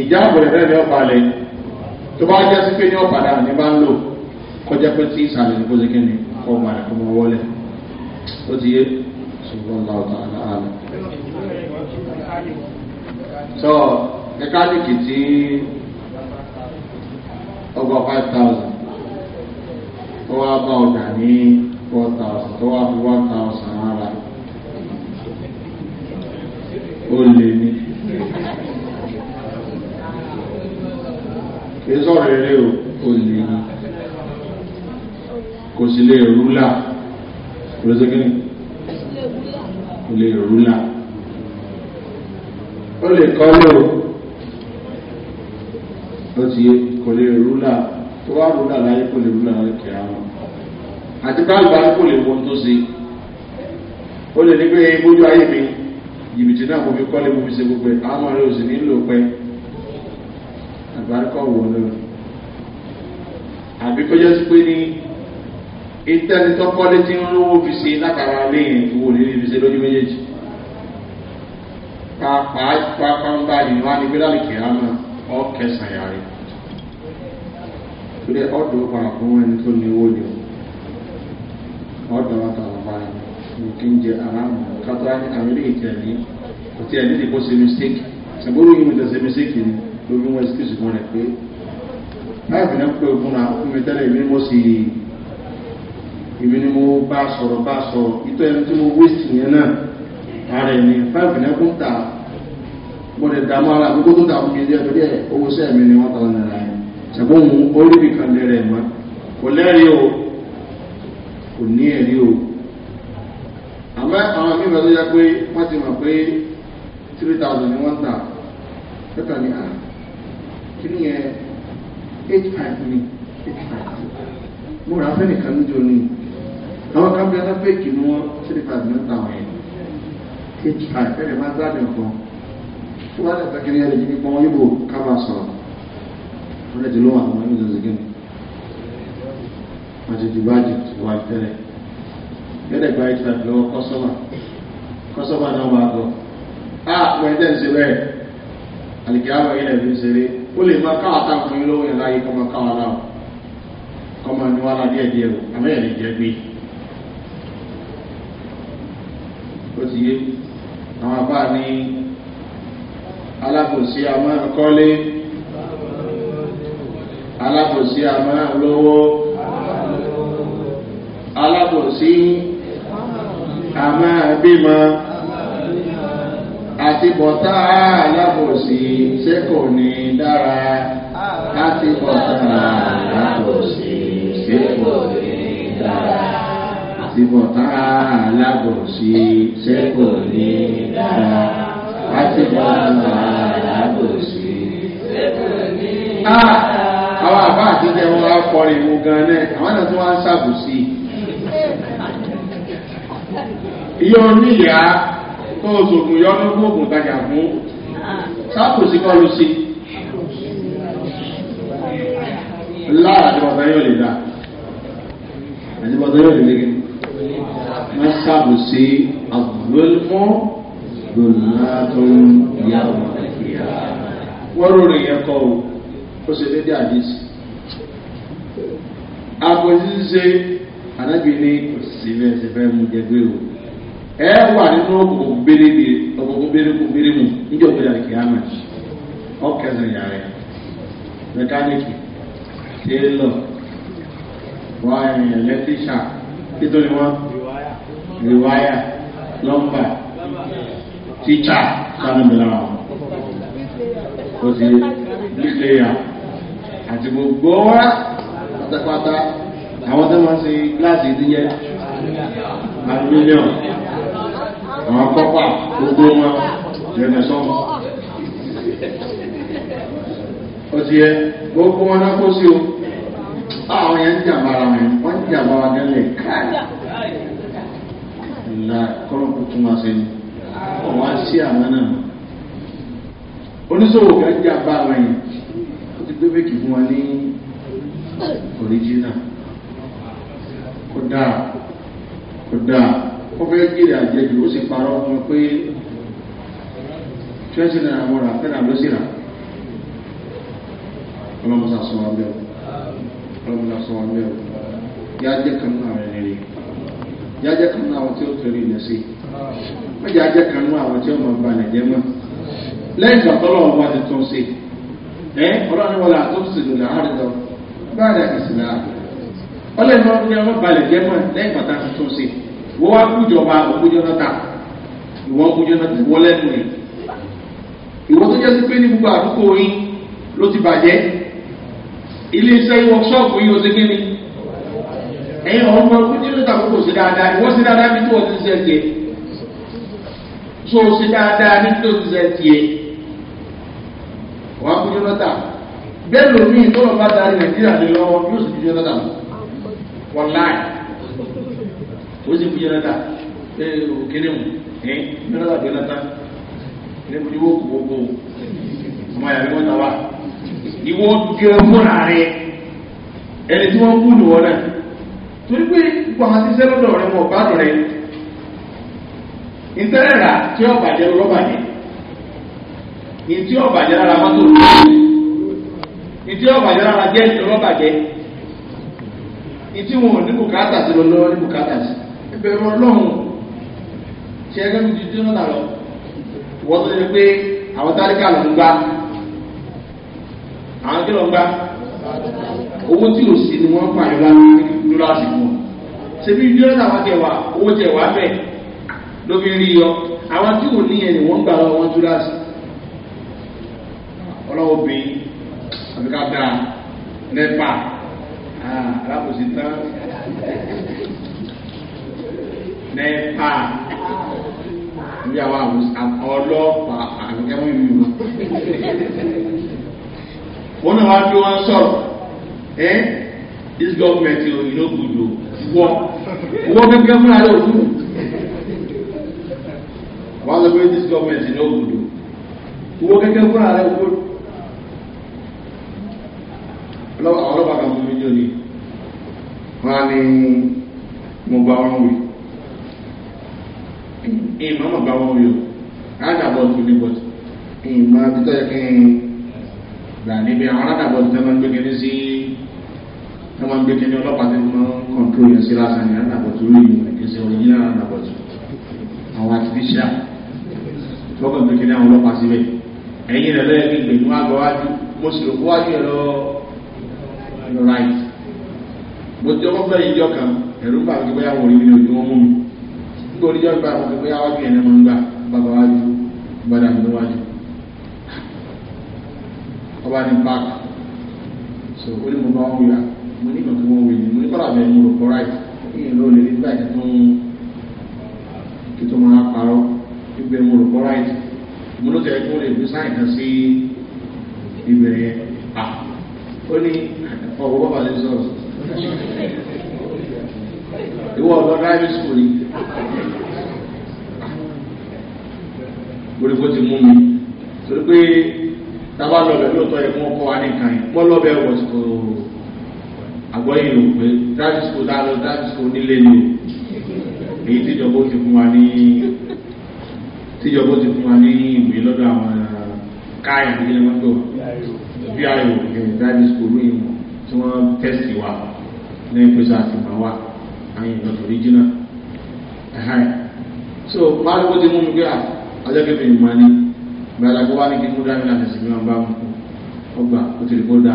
ìjáàbù rẹ̀ bẹ́ẹ̀ ni ọ tó bá jẹ́ sí pé ní ọ̀padà ní bá ń lò kọjá pé tí ìsàlẹ̀ ní kóse kíni kọ́ ọmọ rẹ̀ kọ́ mọ wọlé ó ti yé ṣùgbọ́n bá ọ̀tá àlàáfà. sọ mẹkáníìkì tí ọgbà five thousand tó wá bá ọjà ní four thousand tó wá fi one thousand ara ó lè ní. Ezo í sọ̀rọ̀ eré kò sí lè rúlà kò lè kò lè rúlà o lè o le ti yé kò lè rúlà tó wá rúlà láyé kò lè rúlà láyé kìí àwọn àti báàgbà kò lè wọ tó sí ó lè ní pé bójú ayé mi jìbìtì náà mo fi mo fi gbogbo àwọn àgbáríkọ̀ wò ló àbí kó jẹ́ sí pé ní ìtẹ́ni tó kọ́lé tí ń lówó fi ṣe látara léyìn ìwò nílé fi ṣe lójú méjèèjì pàápàá pàápàá ń bá ìrìn wá ní gbéláàlì kìrámà ọ kẹsàn-án yàrá ìpínlẹ̀ ọ̀dọ̀ padà fún ẹni tó ní owó ni ọ̀dọ̀ wọn tàbí báyìí kí ń jẹ aráàmù kátó àwọn ilé ìtẹ̀ ní kò tí ẹ̀ nídìí kó ṣe mistake ṣàgbọ́n lóyún mi ni lórí wọn excuse fún rẹ̀ pé náà fi náà pé ogun náà fún mi tẹ́lẹ̀ ìmí mo sì ìmí ni mo bá sọ̀rọ̀ bá sọ̀rọ̀ ìtọ́ ẹni tí mo waste yẹn náà ààrẹ ni fáìfì náà kún tà mo lè dààmú ara àkókò tó dààmú mi díẹ̀ torí ẹ̀ owó sẹ́ẹ̀ mi ni wọ́n tọ́lá nàrà yẹn ṣàgbọ́n òun ó rí nìkan lẹ́rẹ̀ mọ́ kò lẹ́rìí o kò ní ẹ̀rí o àmọ́ àwọn mímọ tó yẹ pé wọ́n ti mọ̀ pé three thousand ni wọ́n tà tẹ́tà ni àná. Ah, kíní yẹn eight five ni eight five mo rà fẹ́ ni àwọn kan bẹ́ẹ̀ lọ́pẹ́ kì ní wọ́n three five ní ọ̀tà wọ̀nyẹn eight five fẹ́rẹ̀ máa gbádùn kan tó bá dàgbà kíní yẹn lè jí nípa wọn yóò ká bá sọ̀rọ̀ wọ́n lè ti lọ́wọ́ àwọn ẹni lọ́sẹ̀ kíni wọ́n ti di ó lè máa káwà tá fún yín lọ́wọ́ yẹn láyé kọ́ máa káwà náà kọ́ máa ní wàhálà díẹ̀ díẹ̀ o àmọ́ yẹn lè jẹ́ gbé ó ti yé àwọn àbá ní alákòsí àmọ́ kọ́lé alákòsí àmọ́ lọ́wọ́ alákòsí àmọ́ bímọ àti bọ̀tá alábòsí ṣé kò ní dára láti bọ̀tá alábòsí ṣé kò ní dára àti bọ̀tá alábòsí ṣé kò ní dára láti bọ̀tá alábòsí ṣé kò ní dára. Ah, àwọn àbá àti jẹun wa kọrin mu gan náà àwọn náà wọn ń ṣàbùsí. iye oníyàá kó o sògùn yọnu kó oògùn tajà fún sáàpù sí kọ́ ló ṣe lára àti bàbá yóò lè dà àti bàbá yóò lè lè má sáàpù sí àgbélmọ́ lòlá tó ń yá wọn kìíyà wọ́n rò rìn yẹn kọ́ o ó ṣe dédé àdìsí àpò ṣíṣe mú jẹgbẹ́ o ẹ wà nínú òkùnkùn gbélébé òkùnkùn gbélébé gbélémù níjọ gbéra kì á màjì ọkẹsàn yà rẹ mẹkáníìkì téèlọ wáyà ẹlẹtíṣà títọ́ ni wọ́n rìwáyà lọ́mbà tíṣà kánú mi lára wọn ó sì bíkìlẹ̀yà àti gbogbo wa pátápátá àwọn tó máa ń ṣe gíláàsì ìdíyẹ alumíníọ̀mù àwọn kọ́pà gbogbo wọn jẹ́nà sọ́mọ́ ó ti yẹ gbogbo wọn náà kó sí o àwọn yẹn ń jàmbá ara wọn wọ́n ń jàmbá wa gẹ́lẹ̀ káàdì ńlá kọ́lọ́kù tún wá sí ọ̀wá sí àmọ́ náà oníṣòwò kan jàmbá àwọn yẹn ó ti gbé bèkì fún wọn ní oríjìnà kódà kódà ó fẹ́ kéré àjẹjù ó sì parọ́ fún pé twenty naira mo rà ten naira ló sì rà ọlọ́mọsá sọ wọn bẹ́ẹ̀ ọlọ́mọsá sọ wọn bẹ́ẹ̀ yá jẹ́ kan náà rẹ̀ rẹ̀ yá jẹ́ kan náà àwọn tí ó tẹ̀lé ilẹ̀ sí wọ́n yá jẹ́ kan náà àwọn tí ó mọ̀ balẹ̀ jẹ́ mọ́ lẹ́yìn ìgbà tọ́lọ́ wọn ti tún sí ẹ́ ọlọ́run wọn là tó sì lò láàárín lọ báyìí ọlọ́run wọn ọmọ balẹ̀ jẹ́ mọ́ lẹ́yìn ìgbà tá ti tún sí wọ́n wá kú ìjọba òkú jọ́nàtà ìwọ́n kú jọ́nàtà ìwọ́n lẹ́nu rẹ̀ ìwọ́n tó jẹ́ sí pé ní gbogbo àdúgbò yín ló ti bàjẹ́ ilé iṣẹ́ wọ́ọ̀ṣọ́ọ̀pù yín ó ti gbé ni ẹ̀yin ọ̀hún mọ̀ kú jọ́nàtà kókò sí dáadáa ìwọ́n sí dáadáa bí tó wọ́n ti ṣe tiẹ̀ tó ṣe dáadáa ní tó ti ṣe tiẹ̀ wọ́n kú jọ́nàtà bẹ́ẹ̀ lómi ìtọ́lọ́ bá darí nàìjíríà lé lọ́wọ́ yóò sì kú jọ́nàtà wọ́n láì ó sì fi yẹn ká pé òkèrè mu ẹ mẹ́rin láti gbé náta níbi ìwọ kò gbogbo ọmọ yàrá wọn ta wá ìwọ gẹ fúnra rẹ ẹni tí wọn kú nìwọ náà torí pé ipò àwọn ti sẹ́lẹ̀ lọ́dọ̀ rẹ mọ̀ gbádùn rẹ ìtẹ́rẹ̀ rà tí ó bàjẹ́ rọ́bà yẹn ìtí ó bàjẹ́ rárá mọ́tò ìtí ó bàjẹ́ rárá jẹ́ rọ́bà jẹ́ ìtí wọn ò ní bùkátà sí lọ́lọ́wọ́ ní bùkátà sí bẹ̀rù ọlọ́run ṣe ẹgbẹ́ mi ti dín náà lọ wọ́n tó ṣe pé àwọn táríkà ló ń gbá àwọn kí ló ń gbá owó tí ò sí ni wọ́n pa ìlú lórí àsìkò ṣebí ìdí náà wá jẹ owó jẹ wá bẹ́ẹ̀ ló fi rí yọ àwọn tí ò ní yẹn ni wọ́n gbà lọ́wọ́ wọn tó láti ọlọ́wọ́ bẹ́ẹ̀ àbíká dáa nẹ́pà ah, alákòóso tán nẹ́pà níyàwó ọlọ́pàá àgbẹ̀wò ìlú wọn náà wá bí wọn sọ̀rọ̀ ẹ́ this government yóò yóò gbòdò wọ́ owó gẹ́gẹ́ fúnra rẹ̀ òfin wọ́n sọ pé this government yóò gbòdò owó gẹ́gẹ́ fúnra rẹ̀ òfin ọlọ́pàá kan fún mi jọ ni wọ́n á ní mo gba ọrùn wí ìmọ̀ mọ̀ bá wọn yòó rádàbọ̀ tó ní bọ̀tù ìmọ̀ títọ́ yẹ kí n gbà níbi àwọn rádàbọ̀ tó máa ń gbé kíní sí tó máa ń gbé kíní ọlọ́pàá tó máa ń kọ̀ǹtró yẹn sí lásán ní rádàbọ̀ tó rí ìmọ̀ kí n ṣe òyìnbó rádàbọ̀ tó àwọn àtìfíṣà lọ́kàn gbé kíní àwọn ọlọ́pàá síbẹ̀ ẹ̀yìn rẹ̀ lọ́yẹ̀ kí n gbèmú àgọ́ wájú mo sì lò wájú ẹ̀rọ gbogbo oníjọ́ gba àwọn ọ̀gbẹ́ awájú yẹn máa ń gbà bàbá wájú gbọ́dà mú ọba ní páàkì so ó ní mo bá wọn wíwá mo ní ìmọ̀ wọ́n wí ni mo ní kọ́lá bẹ́ẹ̀ mo rò kọ́ ráìtì ìyẹn ló lè rí gbà yẹn tó ń kí tó máa parọ́ gbígbẹ́ mo rò kọ́ ráìtì mo ló tẹ̀ kó lè fi sáyìn kan sí ìbẹ̀rẹ̀ à ó ní ọ̀wọ́ bàbá lè sọ̀rọ̀ ìwọ ọ̀dọ́ driving school ni gbogbo ti mú mi torí pé tábà lọ́bẹ̀ lóòótọ́ yẹ fún ọkọ̀ wa nìkan yìí pọ́ lọ́bẹ̀ wọ̀ sí kòrò àgbọ́yìn pé dájú sí kò dá lọ dájú nílé ni o èyí tíjọba ó ti fún wa ní tíjọba ó ti fún wa ní ìwé lọ́dọ̀ àwọn káyà ní ilé mọ́tò bí ayò ìyẹn dájú sí kò lóyè tí wọ́n tẹ́sì wa ní ìpèsè àtìmọ́ wa àyìnbọn torí jìnnà so pariwo ti mú mi pé àjọkẹ́bí mi máa ní gbàdá kó wá ní kí n kó dá mi láti sì máa bá mu ọgbà kó ti lè kó dà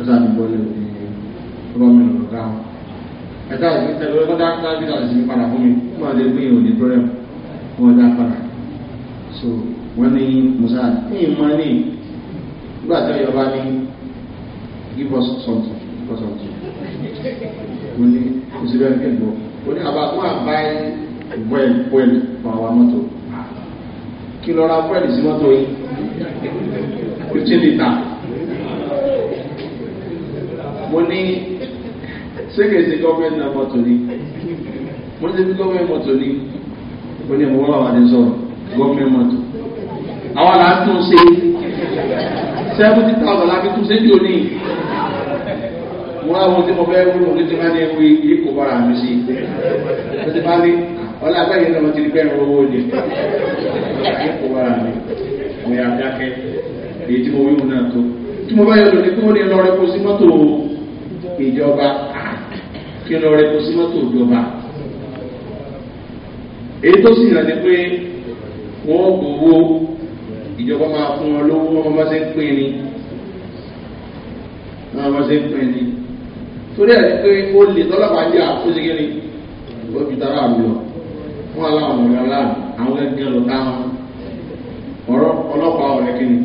ọ̀sán mi bọ́ lé òní ọba káwọn ẹ̀ka ìpín tẹ̀lé ọlọ́kọ́ dá láti láti sì padà fún mi kó máa lè gbé òní pẹ́rẹ́mù wọ́n dá padà so wọ́n ní musa ní ìmọ̀ ní nígbà tí ọyọ ní give us something give us something wọ́n ní kò sí kẹ́gbọ́n oní àbákún àbáyé bọ́ẹ̀lì fún àwọn mọ́tò kí lọ ra bọ́ẹ̀lì sí mọ́tò yìí fifteen litre mo ní sékèsè gọ́ọ̀mẹ́ntì náà mọ́tò ní mo ní sẹ́kẹ́ gọ́ọ̀mẹ́ntì mọ́tò ní mo ní ìmọ̀wọ́lá wà ní sọ̀rọ̀ gọ́ọ̀mẹ́ntì mọ́tò àwọn làá tún ṣe seventy thousand láti tún ṣe jù ní mo á wo tí mo fẹ́ wúlò ní ti máa ní ewu yìí kò bára mi sí mo ti máa ní ọlá abẹ́yẹ náà ti di pẹ́ẹ́rù owó ni yìí kò bára mi mo yà dákẹ́ èyí tí mo wíwù náà tó tí mo bá yọ lòdì pé ó ní lọ rẹ kó sí mọ́tò ìjọba kí lọ rẹ kó sí mọ́tò ìjọba èyí tó sì rà ní pé wọ́n gbowó ìjọba máa fún wọn lówó wọn bá ṣe ń pè ní wọn bá ṣe ń pè ní torí ẹ̀ ní pé ó lè tọ́lọ́pàá jẹ́ àkóṣegere wọ́n fi tara àmì lọ fún aláwọn ọ̀rẹ́ aláàmì àwọn ẹgbẹ́ lọ táwọn ọ̀rọ̀ ọlọ́pàá ọ̀rẹ́ kìíní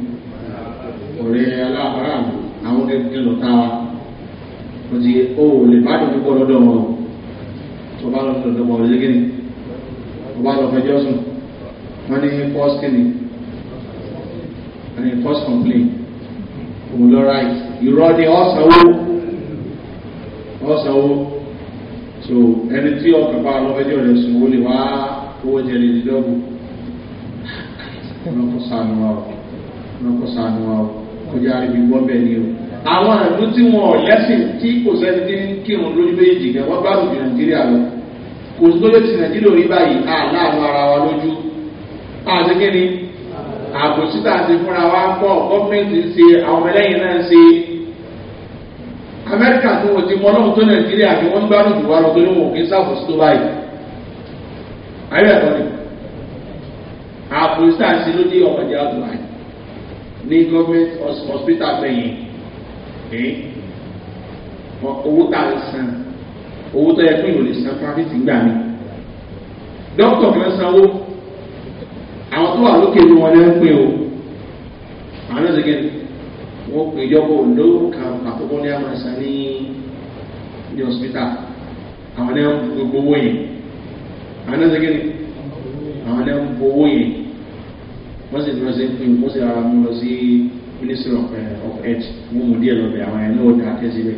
ọ̀rẹ́ aláàmì àwọn ẹgbẹ́ lọ táwọn wọ́n ti ó lè bá dùn púpọ̀ lọ́dọ̀ wọn tó bá lọ sọ̀dọ̀ wọn ọ̀rẹ́ kìíní tó bá lọ fẹjọ́ sùn wọ́n ní first kìíní wọ́n ní first complaint òun lọ ra ìrọ́ ni ọ̀sán owó wọ́n sanwó so ẹni tí ọkàn bá lọ́fẹ́jọ́ rẹ̀ sanwó lè wá owó jẹ lè dídọ́gbù ọlọ́kọ̀ sànù wa o ọlọ́kọ̀ sànù wa o kọjá ibi gbọ́ bẹ́ẹ̀ ni o. àwọn àdó tí wọn ò lẹ́sìn tí kò sẹ́ni tí ń kírun lórí méjì gan wọ́n gbádùn ju nàìjíríà lọ kò sí tó lè ti nàìjíríà orí báyìí àláàánú ara wa lójú àti kíni àbòsí tà ti fúnra wa pọ̀ gọ́ọ̀mẹ̀ntì ń ṣe àwọn ẹlẹ́yìn náà ń ṣe amẹ́ríkà tó wọ́n ti mọ ọlọ́run tó nàìjíríà ni wọ́n ń gbádùn jù wá lọ pé wọn ò kí ń sàbòsí tó báyìí ayé ẹ̀kọ́ ni àpòlísà sí ló dé ọ̀pọ̀jì àdùnà ní gọ́ọ̀mẹ̀ntì hospital fẹ̀yìn owó tá a san owó tó yẹ kí ìròlè san private ń gbà mí dókítà kan sanwó àwọn tó wà lókè ní wọn lẹ́ ń pè o àwọn náà ṣe kẹ́ni wọ́n pè ìjọba olówó kan àkọ́kọ́ ní àmàṣà ní ní ọ̀sìpítà àwọn ní gbogbo owó yẹn àwọn náà sẹ́kẹ́ ni àwọn ní gbogbo owó yẹn wọ́n sì lọ sí pin wọ́n sì ara mú lọ sí ministry of eh, of health wọ́n mú díẹ̀ lọ́bẹ̀ àwọn ẹ̀ náà ó dá kẹ́sí bẹ́ẹ̀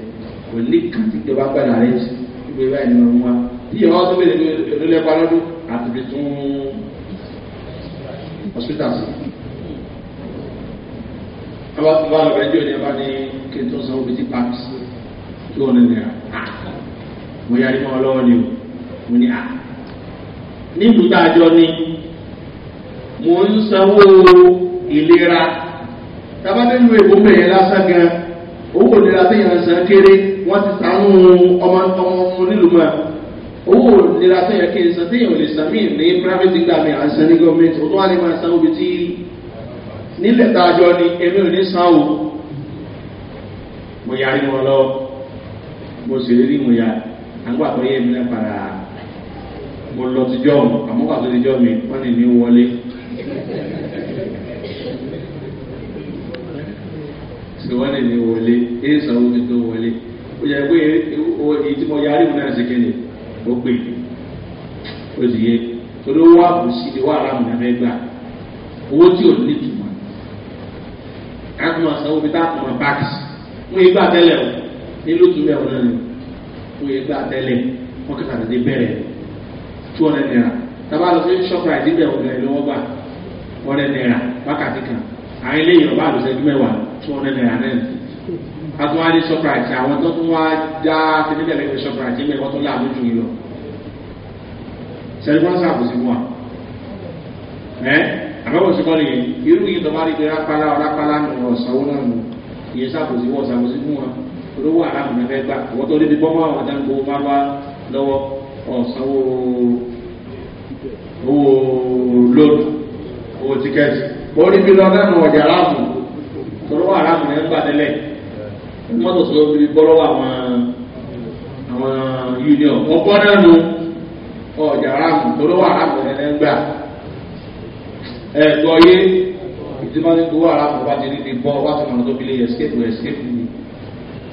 kò ní kàn tí ìjọba gbàdá rẹ̀ sí ìgbé báyìí ni wọ́n wá tí ìyẹn wọ́n tó bẹ̀rẹ̀ lólẹ́pàá lọ́dún àtúntò tún hospital sí ọba tó bá lọ bẹ jọ ní ọba ní kí n tó sanwó bìtì pàps tó wọn nìyà mo yára ní wọn lọ́wọ́ ni o mo ní à nílùú tá a jọ ní mo ń sanwó ìlera tabadẹ́nu èbó bẹ̀yẹn lásán gan owó ìlera téèyàn san kéré wọ́n ti sànú ọmọ ọmọ nílùú mọ́ owó ìlera téèyàn kéré san téèyàn lè san mí ní private gba mi ní gọ́ọ̀mẹ̀ntì ó tó wà ní máa sanwó bìtì nílẹ̀ tààjọ ni èmi ò ní san o mo yarí wọn lọ mo sì rí mo yà àgbà tó yẹ mi náà padà mo lọ tíjọ́ mi àmọ́ pàtó tíjọ́ mi wọ́n ní mi wọlé. sọ wọ́n ní mi wọlé èyí sọ wọ́n ti tó wọlé ó yẹ pé èyí tí mo yarí wọn náà ṣe kéde ó pè é sì yé torí ó wà bùsí ni wàhálà mi náà fẹ́ gbà owó tí ò ní tu káàtó máa sanwó bí táàpù máa báàkì sí wọn yìí gbà tẹ́lẹ̀ o nílò tún bẹ́ẹ̀ wọn náà ni wọn yìí gbà tẹ́lẹ̀ wọn kẹta tètè bẹ̀rẹ̀ two hundred naira tábà lọ sí shoprite níbẹ̀ wọn náà lọ́wọ́ gbà one hundred naira wákàtí kan àwọn eléyìí ọba àlùsẹ́jú mẹ́wàá two hundred naira náà àtúwá ní shoprite àwọn tó tún wá já sinidẹ̀lẹ̀ ní shoprite ẹgbẹ́ wọn tó láàánú jù yìí lọ sẹ́ni wọ́n sábò sí wọn àbẹ̀wò sí kọ́lé yẹn irú yìí tó bá rí pé rápálá rápálá nù ọ̀sánwó náà nù ìyẹn sàbòsí wọ̀ sàbòsí fún wa olówó aráàlú náà fẹ́ gbà àwọn tó débi bọ́mọ́ àwọn tá ń gbowó bá bá lọ́wọ́ ọ̀sánwó owó lóòtù owó tíkẹ́ẹ̀tì orí bí lọ́dá nù ọ̀jà aráàlú olówó aráàlú náà ń gbà tẹ́lẹ̀ mọ́tò tó fi bọ́ lọ́wọ́ àwọn àwọn union ọgbọ́n náà nù ọ̀jà aráàlú olówó aráàlú náà ń gbà ẹ̀gbọ́ yé ìdíbọn tó wà láàpọ̀ bá ti rí ti bọ́ wá sọ̀rọ̀ tó fi lè escape or escape ni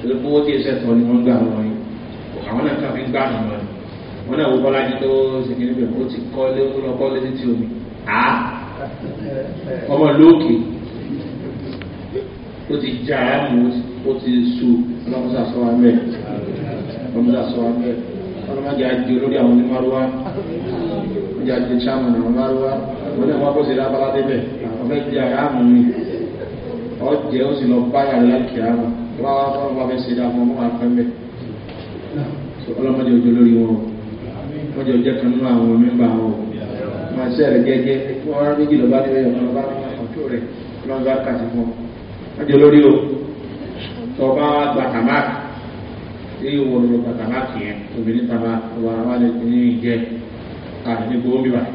tó kó owó tí ẹsẹ̀ tọ́ ni wọ́n gbà wọ́n yìí àwọn náà kàfi gbà nù wọn wọn náà wọ́n bọ́lá yín tó ṣèké níbẹ̀ ó ti kọ́ lé ó lọ kọ́ lé títí omi á ọmọ lóòkè ó ti já ara mú ó ti su ọlọ́mọdé àṣọ wa mẹ́ẹ̀ ọlọ́mọdé àṣọ wa mẹ́ẹ̀ ọlọ́mọdé àjẹ olórí àwọn onímọ̀ọ́rọ́wá ọlọ́mọdé àjẹ chairman àwọn mo ní wọn kó sí lábala débẹ̀ àwọn fẹ́ di ara àmú mi ọjẹ́ ó sì lọ báyà láìkí àmú lọ́wọ́ fọ́nà wọn fẹ́ sí dáàmú ọmọ àpẹ́ mẹ́ ọlọ́mọdé ojú lórí wọn wọ́n jẹ́ ọjọ́ kan nínú àwọn mẹ́mbà wọn máa ṣe rẹ̀ gẹ́gẹ́ wọ́n rán méjì lọ́ba níbẹ̀ ọlọ́ba ọjọ́ rẹ̀ lọ́ba kàtí fún wọ́n jẹ́ lórí o tọba gbàtàmáàkì tí ìwọ̀n lọ gbàtàmáàkì yẹn obìnrin tàbá wà wà lè ní ìjẹ àti ní gbogbo mìíràn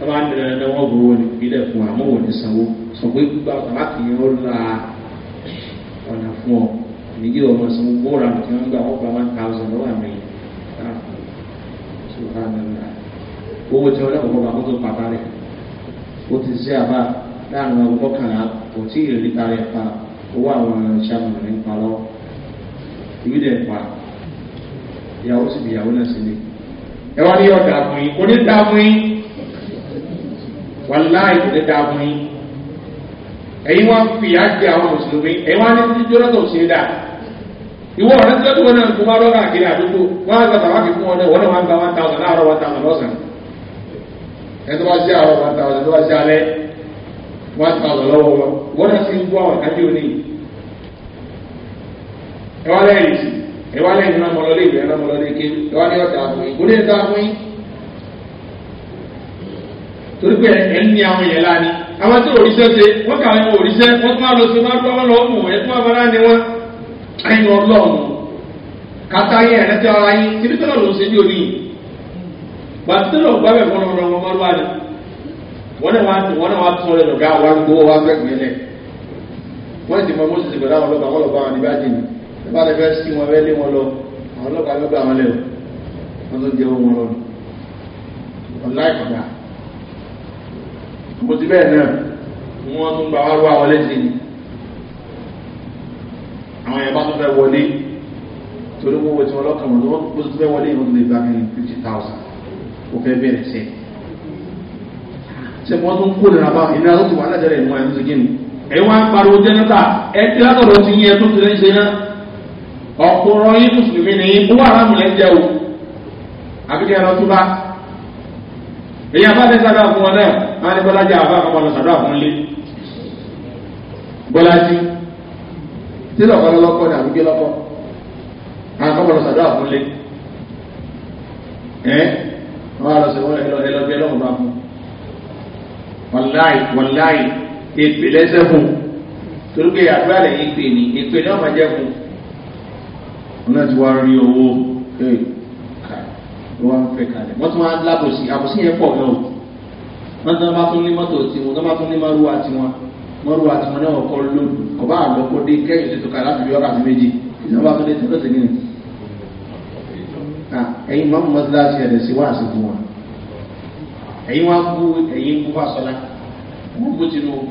sábà ń dẹrẹ lọ́wọ́ gbowó ní ìbílẹ̀ fún wa mọ́wọ́ ní sanwó sọ pé gbígbà bàbá kìí ó la ọ̀nà fún ọ nídìí ọmọ sanwó bóra kí wọ́n gbà wọ́n gba one thousand lọ́wọ́ mi owó tí wọ́n lọ́kọ̀ọ́ bàbá kó tó pàtà rẹ̀ ó ti ṣe àbá láàrin ọmọ mọ́kànlá kò tí ì rí tarẹ̀ pa owó àwọn ìṣàmùlẹ̀ nípa lọ́wọ́ ìwé dẹ̀ pa ìyàwó sì bí ìyàwó náà sílé ẹ wá ní ọ̀dà fún yín kò ní ta fún yín wàláì kò lè dáa fún yín ẹ̀yin wá ń fi ìyá jẹ àwọn mùsùlùmí ẹ̀yin wá ní ti jọ́nàtọ̀ ṣe dà ìwọ ọ̀rẹ́ tí wọ́n náà kó máa lọ́gà kiri àdúgbò wọ́n á gba tàbákì fún wọn náà wọ́n náà wá ń gba one thousand láàárọ̀ one thousand lọ́sàn ẹni tó bá ṣe àárọ̀ one thousand tó bá ṣe alẹ́ one thousand lọ́wọ́ wọn wọ́n náà sì ń gbọ́ àwọn kájí òní ẹwà lẹ́yìn ẹwà lẹ́yìn náà mọ̀ lọ́lé ìgbẹ́ náà mọ̀ lọ́lé ké ẹwà lẹ́yìn ọ̀tà àbúyí kò ní torí pé ẹ̀ ń ní àwọn yẹn láàní àwọn tí òrìṣẹ́ ṣe wọ́n kà wọ́n òrìṣẹ́ wọ́n tún wá sí wọ́n gbọ́ lọ mú ẹ̀ tún ni wọ́n ẹ̀yin ọlọ́run kàtà yẹn ẹ̀rẹ́ tí yín tí nítorí ọ̀rọ̀ ṣe bí òní gbàtúrò gbàgbẹ́ fọlọ́ ọ̀rọ̀ wọn máa wà ní wọ́n náà wá tún ọ̀rẹ́ lọ́gá wa ń gbowó wa gbẹ̀gbẹ̀ lẹ̀ wọ́n sì mọ bó ṣe ṣe pẹ̀lú àwọn ọlọ́pàá ọlọ́pàá wọn ní bá jìnnì ẹ bá lè sí wọn fẹ́ lé wọn lọ àwọn ọlọ́pàá lọ́gbà wọn lẹ̀ wọ́n tó jẹ́ wọn lọ́nà ọ̀la ìkọ̀dà mo ti bẹ́ẹ̀ náà wọ́n tún gba wárúwá wọlé sí i àwọn yẹn bá tún fẹ́ wọlé torí owó tí wọ́n lọ́kàn wọn tó tún fẹ́ wọlé ìwọ̀n tó lè gba mi fifty thousand kò fẹ́ bẹ̀rẹ̀ sí i ṣe wọ́n tún kó nira bá ìnira tó ti wà lájà rẹ̀ ìwọ̀n ẹ̀ ń ti gé mi ẹ̀yin wá ń pariwo jẹ́nẹ́ta ẹ ti látọ̀rọ̀ ti yín ẹ tó ti lè ṣe náà ọ̀pọ̀ ọ̀rọ̀ yín mùsùlùmí ni wọ́n o àbíkẹ́ ẹ̀rọ tó èyí àbá ti sábà fún wọn náà wọn ní bọ́lájì àbá kan bọ́lá sàdúrà fún lé bọ́lájì tí lọ́kọ́ lọ́kọ́ ní àdúgbò lọ́kọ́ àwọn kan bọ́lá sàdúrà fún lé ẹ́ wọ́n á lọ sí wọ́n ẹlọ ẹlọ bí ẹlọ́kùn bá fún wàláì wàláì èpè lẹ́sẹ̀ fún torí àdúrà lẹ́yìn pè ní èpè ní ọmọ jẹ́ fún wọn náà ti wá rí owó ẹ̀ ló wá ń fẹ́ kalẹ̀ wọ́n tún wá lábòsí àbòsí yẹn pọ̀ náà wọ́n tún bá tún ní mọ́tò tiwọn tún bá tún ní mọ́rúwa tiwọn mọ́rúwa tiwọn náà kọ́ ló ọba àlọ́kọ́ dé kẹ́yìn tó tó kalẹ̀ láti fi wákàtí méjì ìjọba tó dé tó tó tẹ̀lé ẹ̀yin máa ń mọ́ síláṣí ẹ̀dẹ̀ sí wáàsí fún wọn ẹ̀yin wá kú ẹ̀yin kú fásọlá wọ́n kú tinubu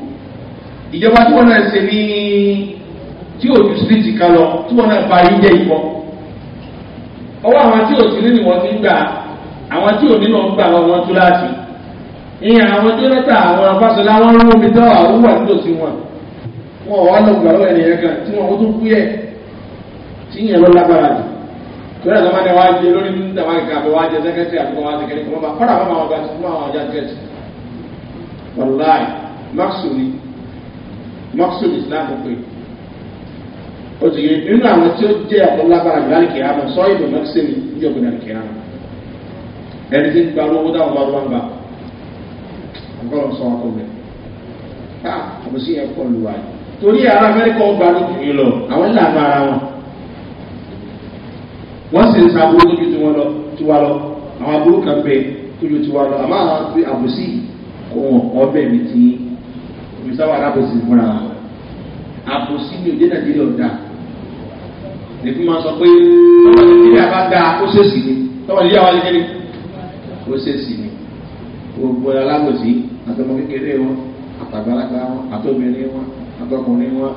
ìjọba tí wọ́n náà ṣe ní tí òjò síríìtì ká lọ tí wọ́n náà parí jẹ́ ìkọ́ ọwọ́ àwọn tí ò sí nínú wọn ti ń gbà àwọn tí ò nínú ń gbà wọn wọn tú láti ìyẹn àwọn dírẹ́tà àwọn afásọlá wọn rán omi dá àwọn wà nílò sí wọn wọn wà lọ gbà lọ́wọ́ ẹnìyẹn kan tí wọn ó tún kú yẹ tí ìyẹn ló lágbára jù torí àtàwọn ẹni wàá jẹ lórí nígbà wàá kẹkẹ àbẹ wàá jẹ sẹkẹtì àbúkọ wàá sẹkẹtì kọ bá kọ́ra àwọn àwọn àgbàtì fún àwọn ọjà gẹ̀ẹ́tì wàlúwàì mọ́ksù ni mọ́ksù ni islam pè é o ti yé nínú àwọn tí ó jẹ́ àtọ́lágbára jù láti kìá mọ̀ sọ ìlú mẹ́kísìmì níjọba náà kìá mọ̀ ẹni tí ń gba owó táwọn bá wá ń gbà ọgọ́rùn sọ wọn kò mẹ́ ká àbòsí yẹn pọ̀ lù wáyé torí ará amẹ́ríkà ọgbà ló jù yín lọ àwọn ìlànà ara wọn wọ́n sì ń sa aburú lójú tí wọ́n lọ tí wá lọ àwọn aburú kan bẹ lójú tí wá lọ àmọ́ àwọn àbòsí ohun ọbẹ̀ mi ní fún máa sọ pé tọ́wọ́ ti kílẹ̀ àbá dá ó ṣèṣì ni tọ́wọ́ ilé àwọn alẹ́kẹ́ni ó ṣèṣì ni gbogbo alábòsí àtọmọ kékeré wọn àtàgbàlagbà wọn àtọmọbìnrin wọn àtọkùnrin wọn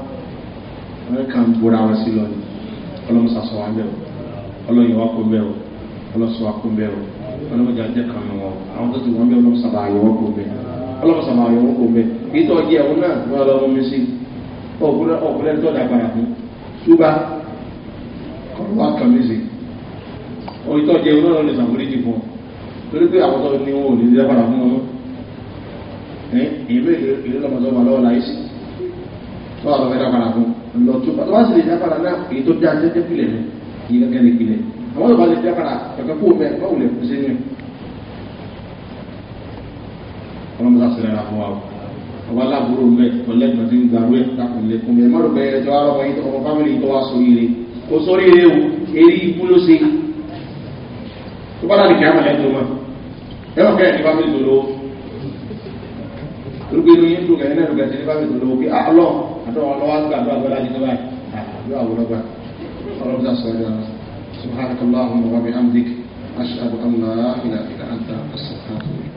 wọn kà ń bora wọn sí lọ ni ọlọ́mọsà sọ wọn bẹ́ẹ̀ o ọlọ́yin wa kó bẹ́ẹ̀ o ọlọ́sọ wa kó bẹ́ẹ̀ o ọlọ́mọdé ajẹ́ kan wọn àwọn tó ti wọn bẹ́ẹ̀ ọlọ́mọsà bá yọ wọn kó bẹ́ẹ̀ ọlọ́mọsà bá yọ wọn kó bẹ́ẹ̀ kí tọ́jú ẹ̀wọ̀n náà wọn lọ́wọ́ mi sí ọ̀gbọ́n tó dàgbà yàtọ̀ túbà wá kàn mí sí oyin tó jẹ olóòrùn lè sàmúlẹ̀ jì fún ọ torí pé àwọn tó ní wọn ò ní ilé padà fún wọn ẹ ìlú ìlú lọmọdé ọmọ lọwọ láyé sí tó àwọn ọmọdé padà fún lọ tó bá tó bá sì lè dá padà náà èyí tó dá tẹ́tẹ́ pilẹ̀ ní ìyá kẹ́lẹ́ pilẹ̀ àwọn tó bá lè dá padà kẹ́kẹ́ kó mẹ́ báwo lè kú sínú ẹ̀ ọlọ́mọdé àṣírí ara fún wa o ọba aláàbúrò mẹ ọlẹ́gbọ̀n tí ń garú ẹ̀ lákùnlé fún mi ẹ̀ má rò bẹ́ẹ̀ ẹjọ́ ara wọn yìí tó ọmọ fámìlì tó wá sórí rẹ̀ kò sórí eré o eré ikú ló ṣe tó bá láti kẹ́hàn lẹ́jọ́ mọ́ ẹ̀rọ kẹ́hàn ní bábí ìdòdó torípé inú yín dùn ẹ̀rọ kẹ́hàn ní bábí ìdòdó pé àlọ́ àtọ́wọ́ lọ́wọ́ àgbà àdúrà gbọ́dá ní tó báyìí àdúrà wọ́n lọ́gbà ọlọ́run dá sọ̀rọ̀ yàrá subhanahu wa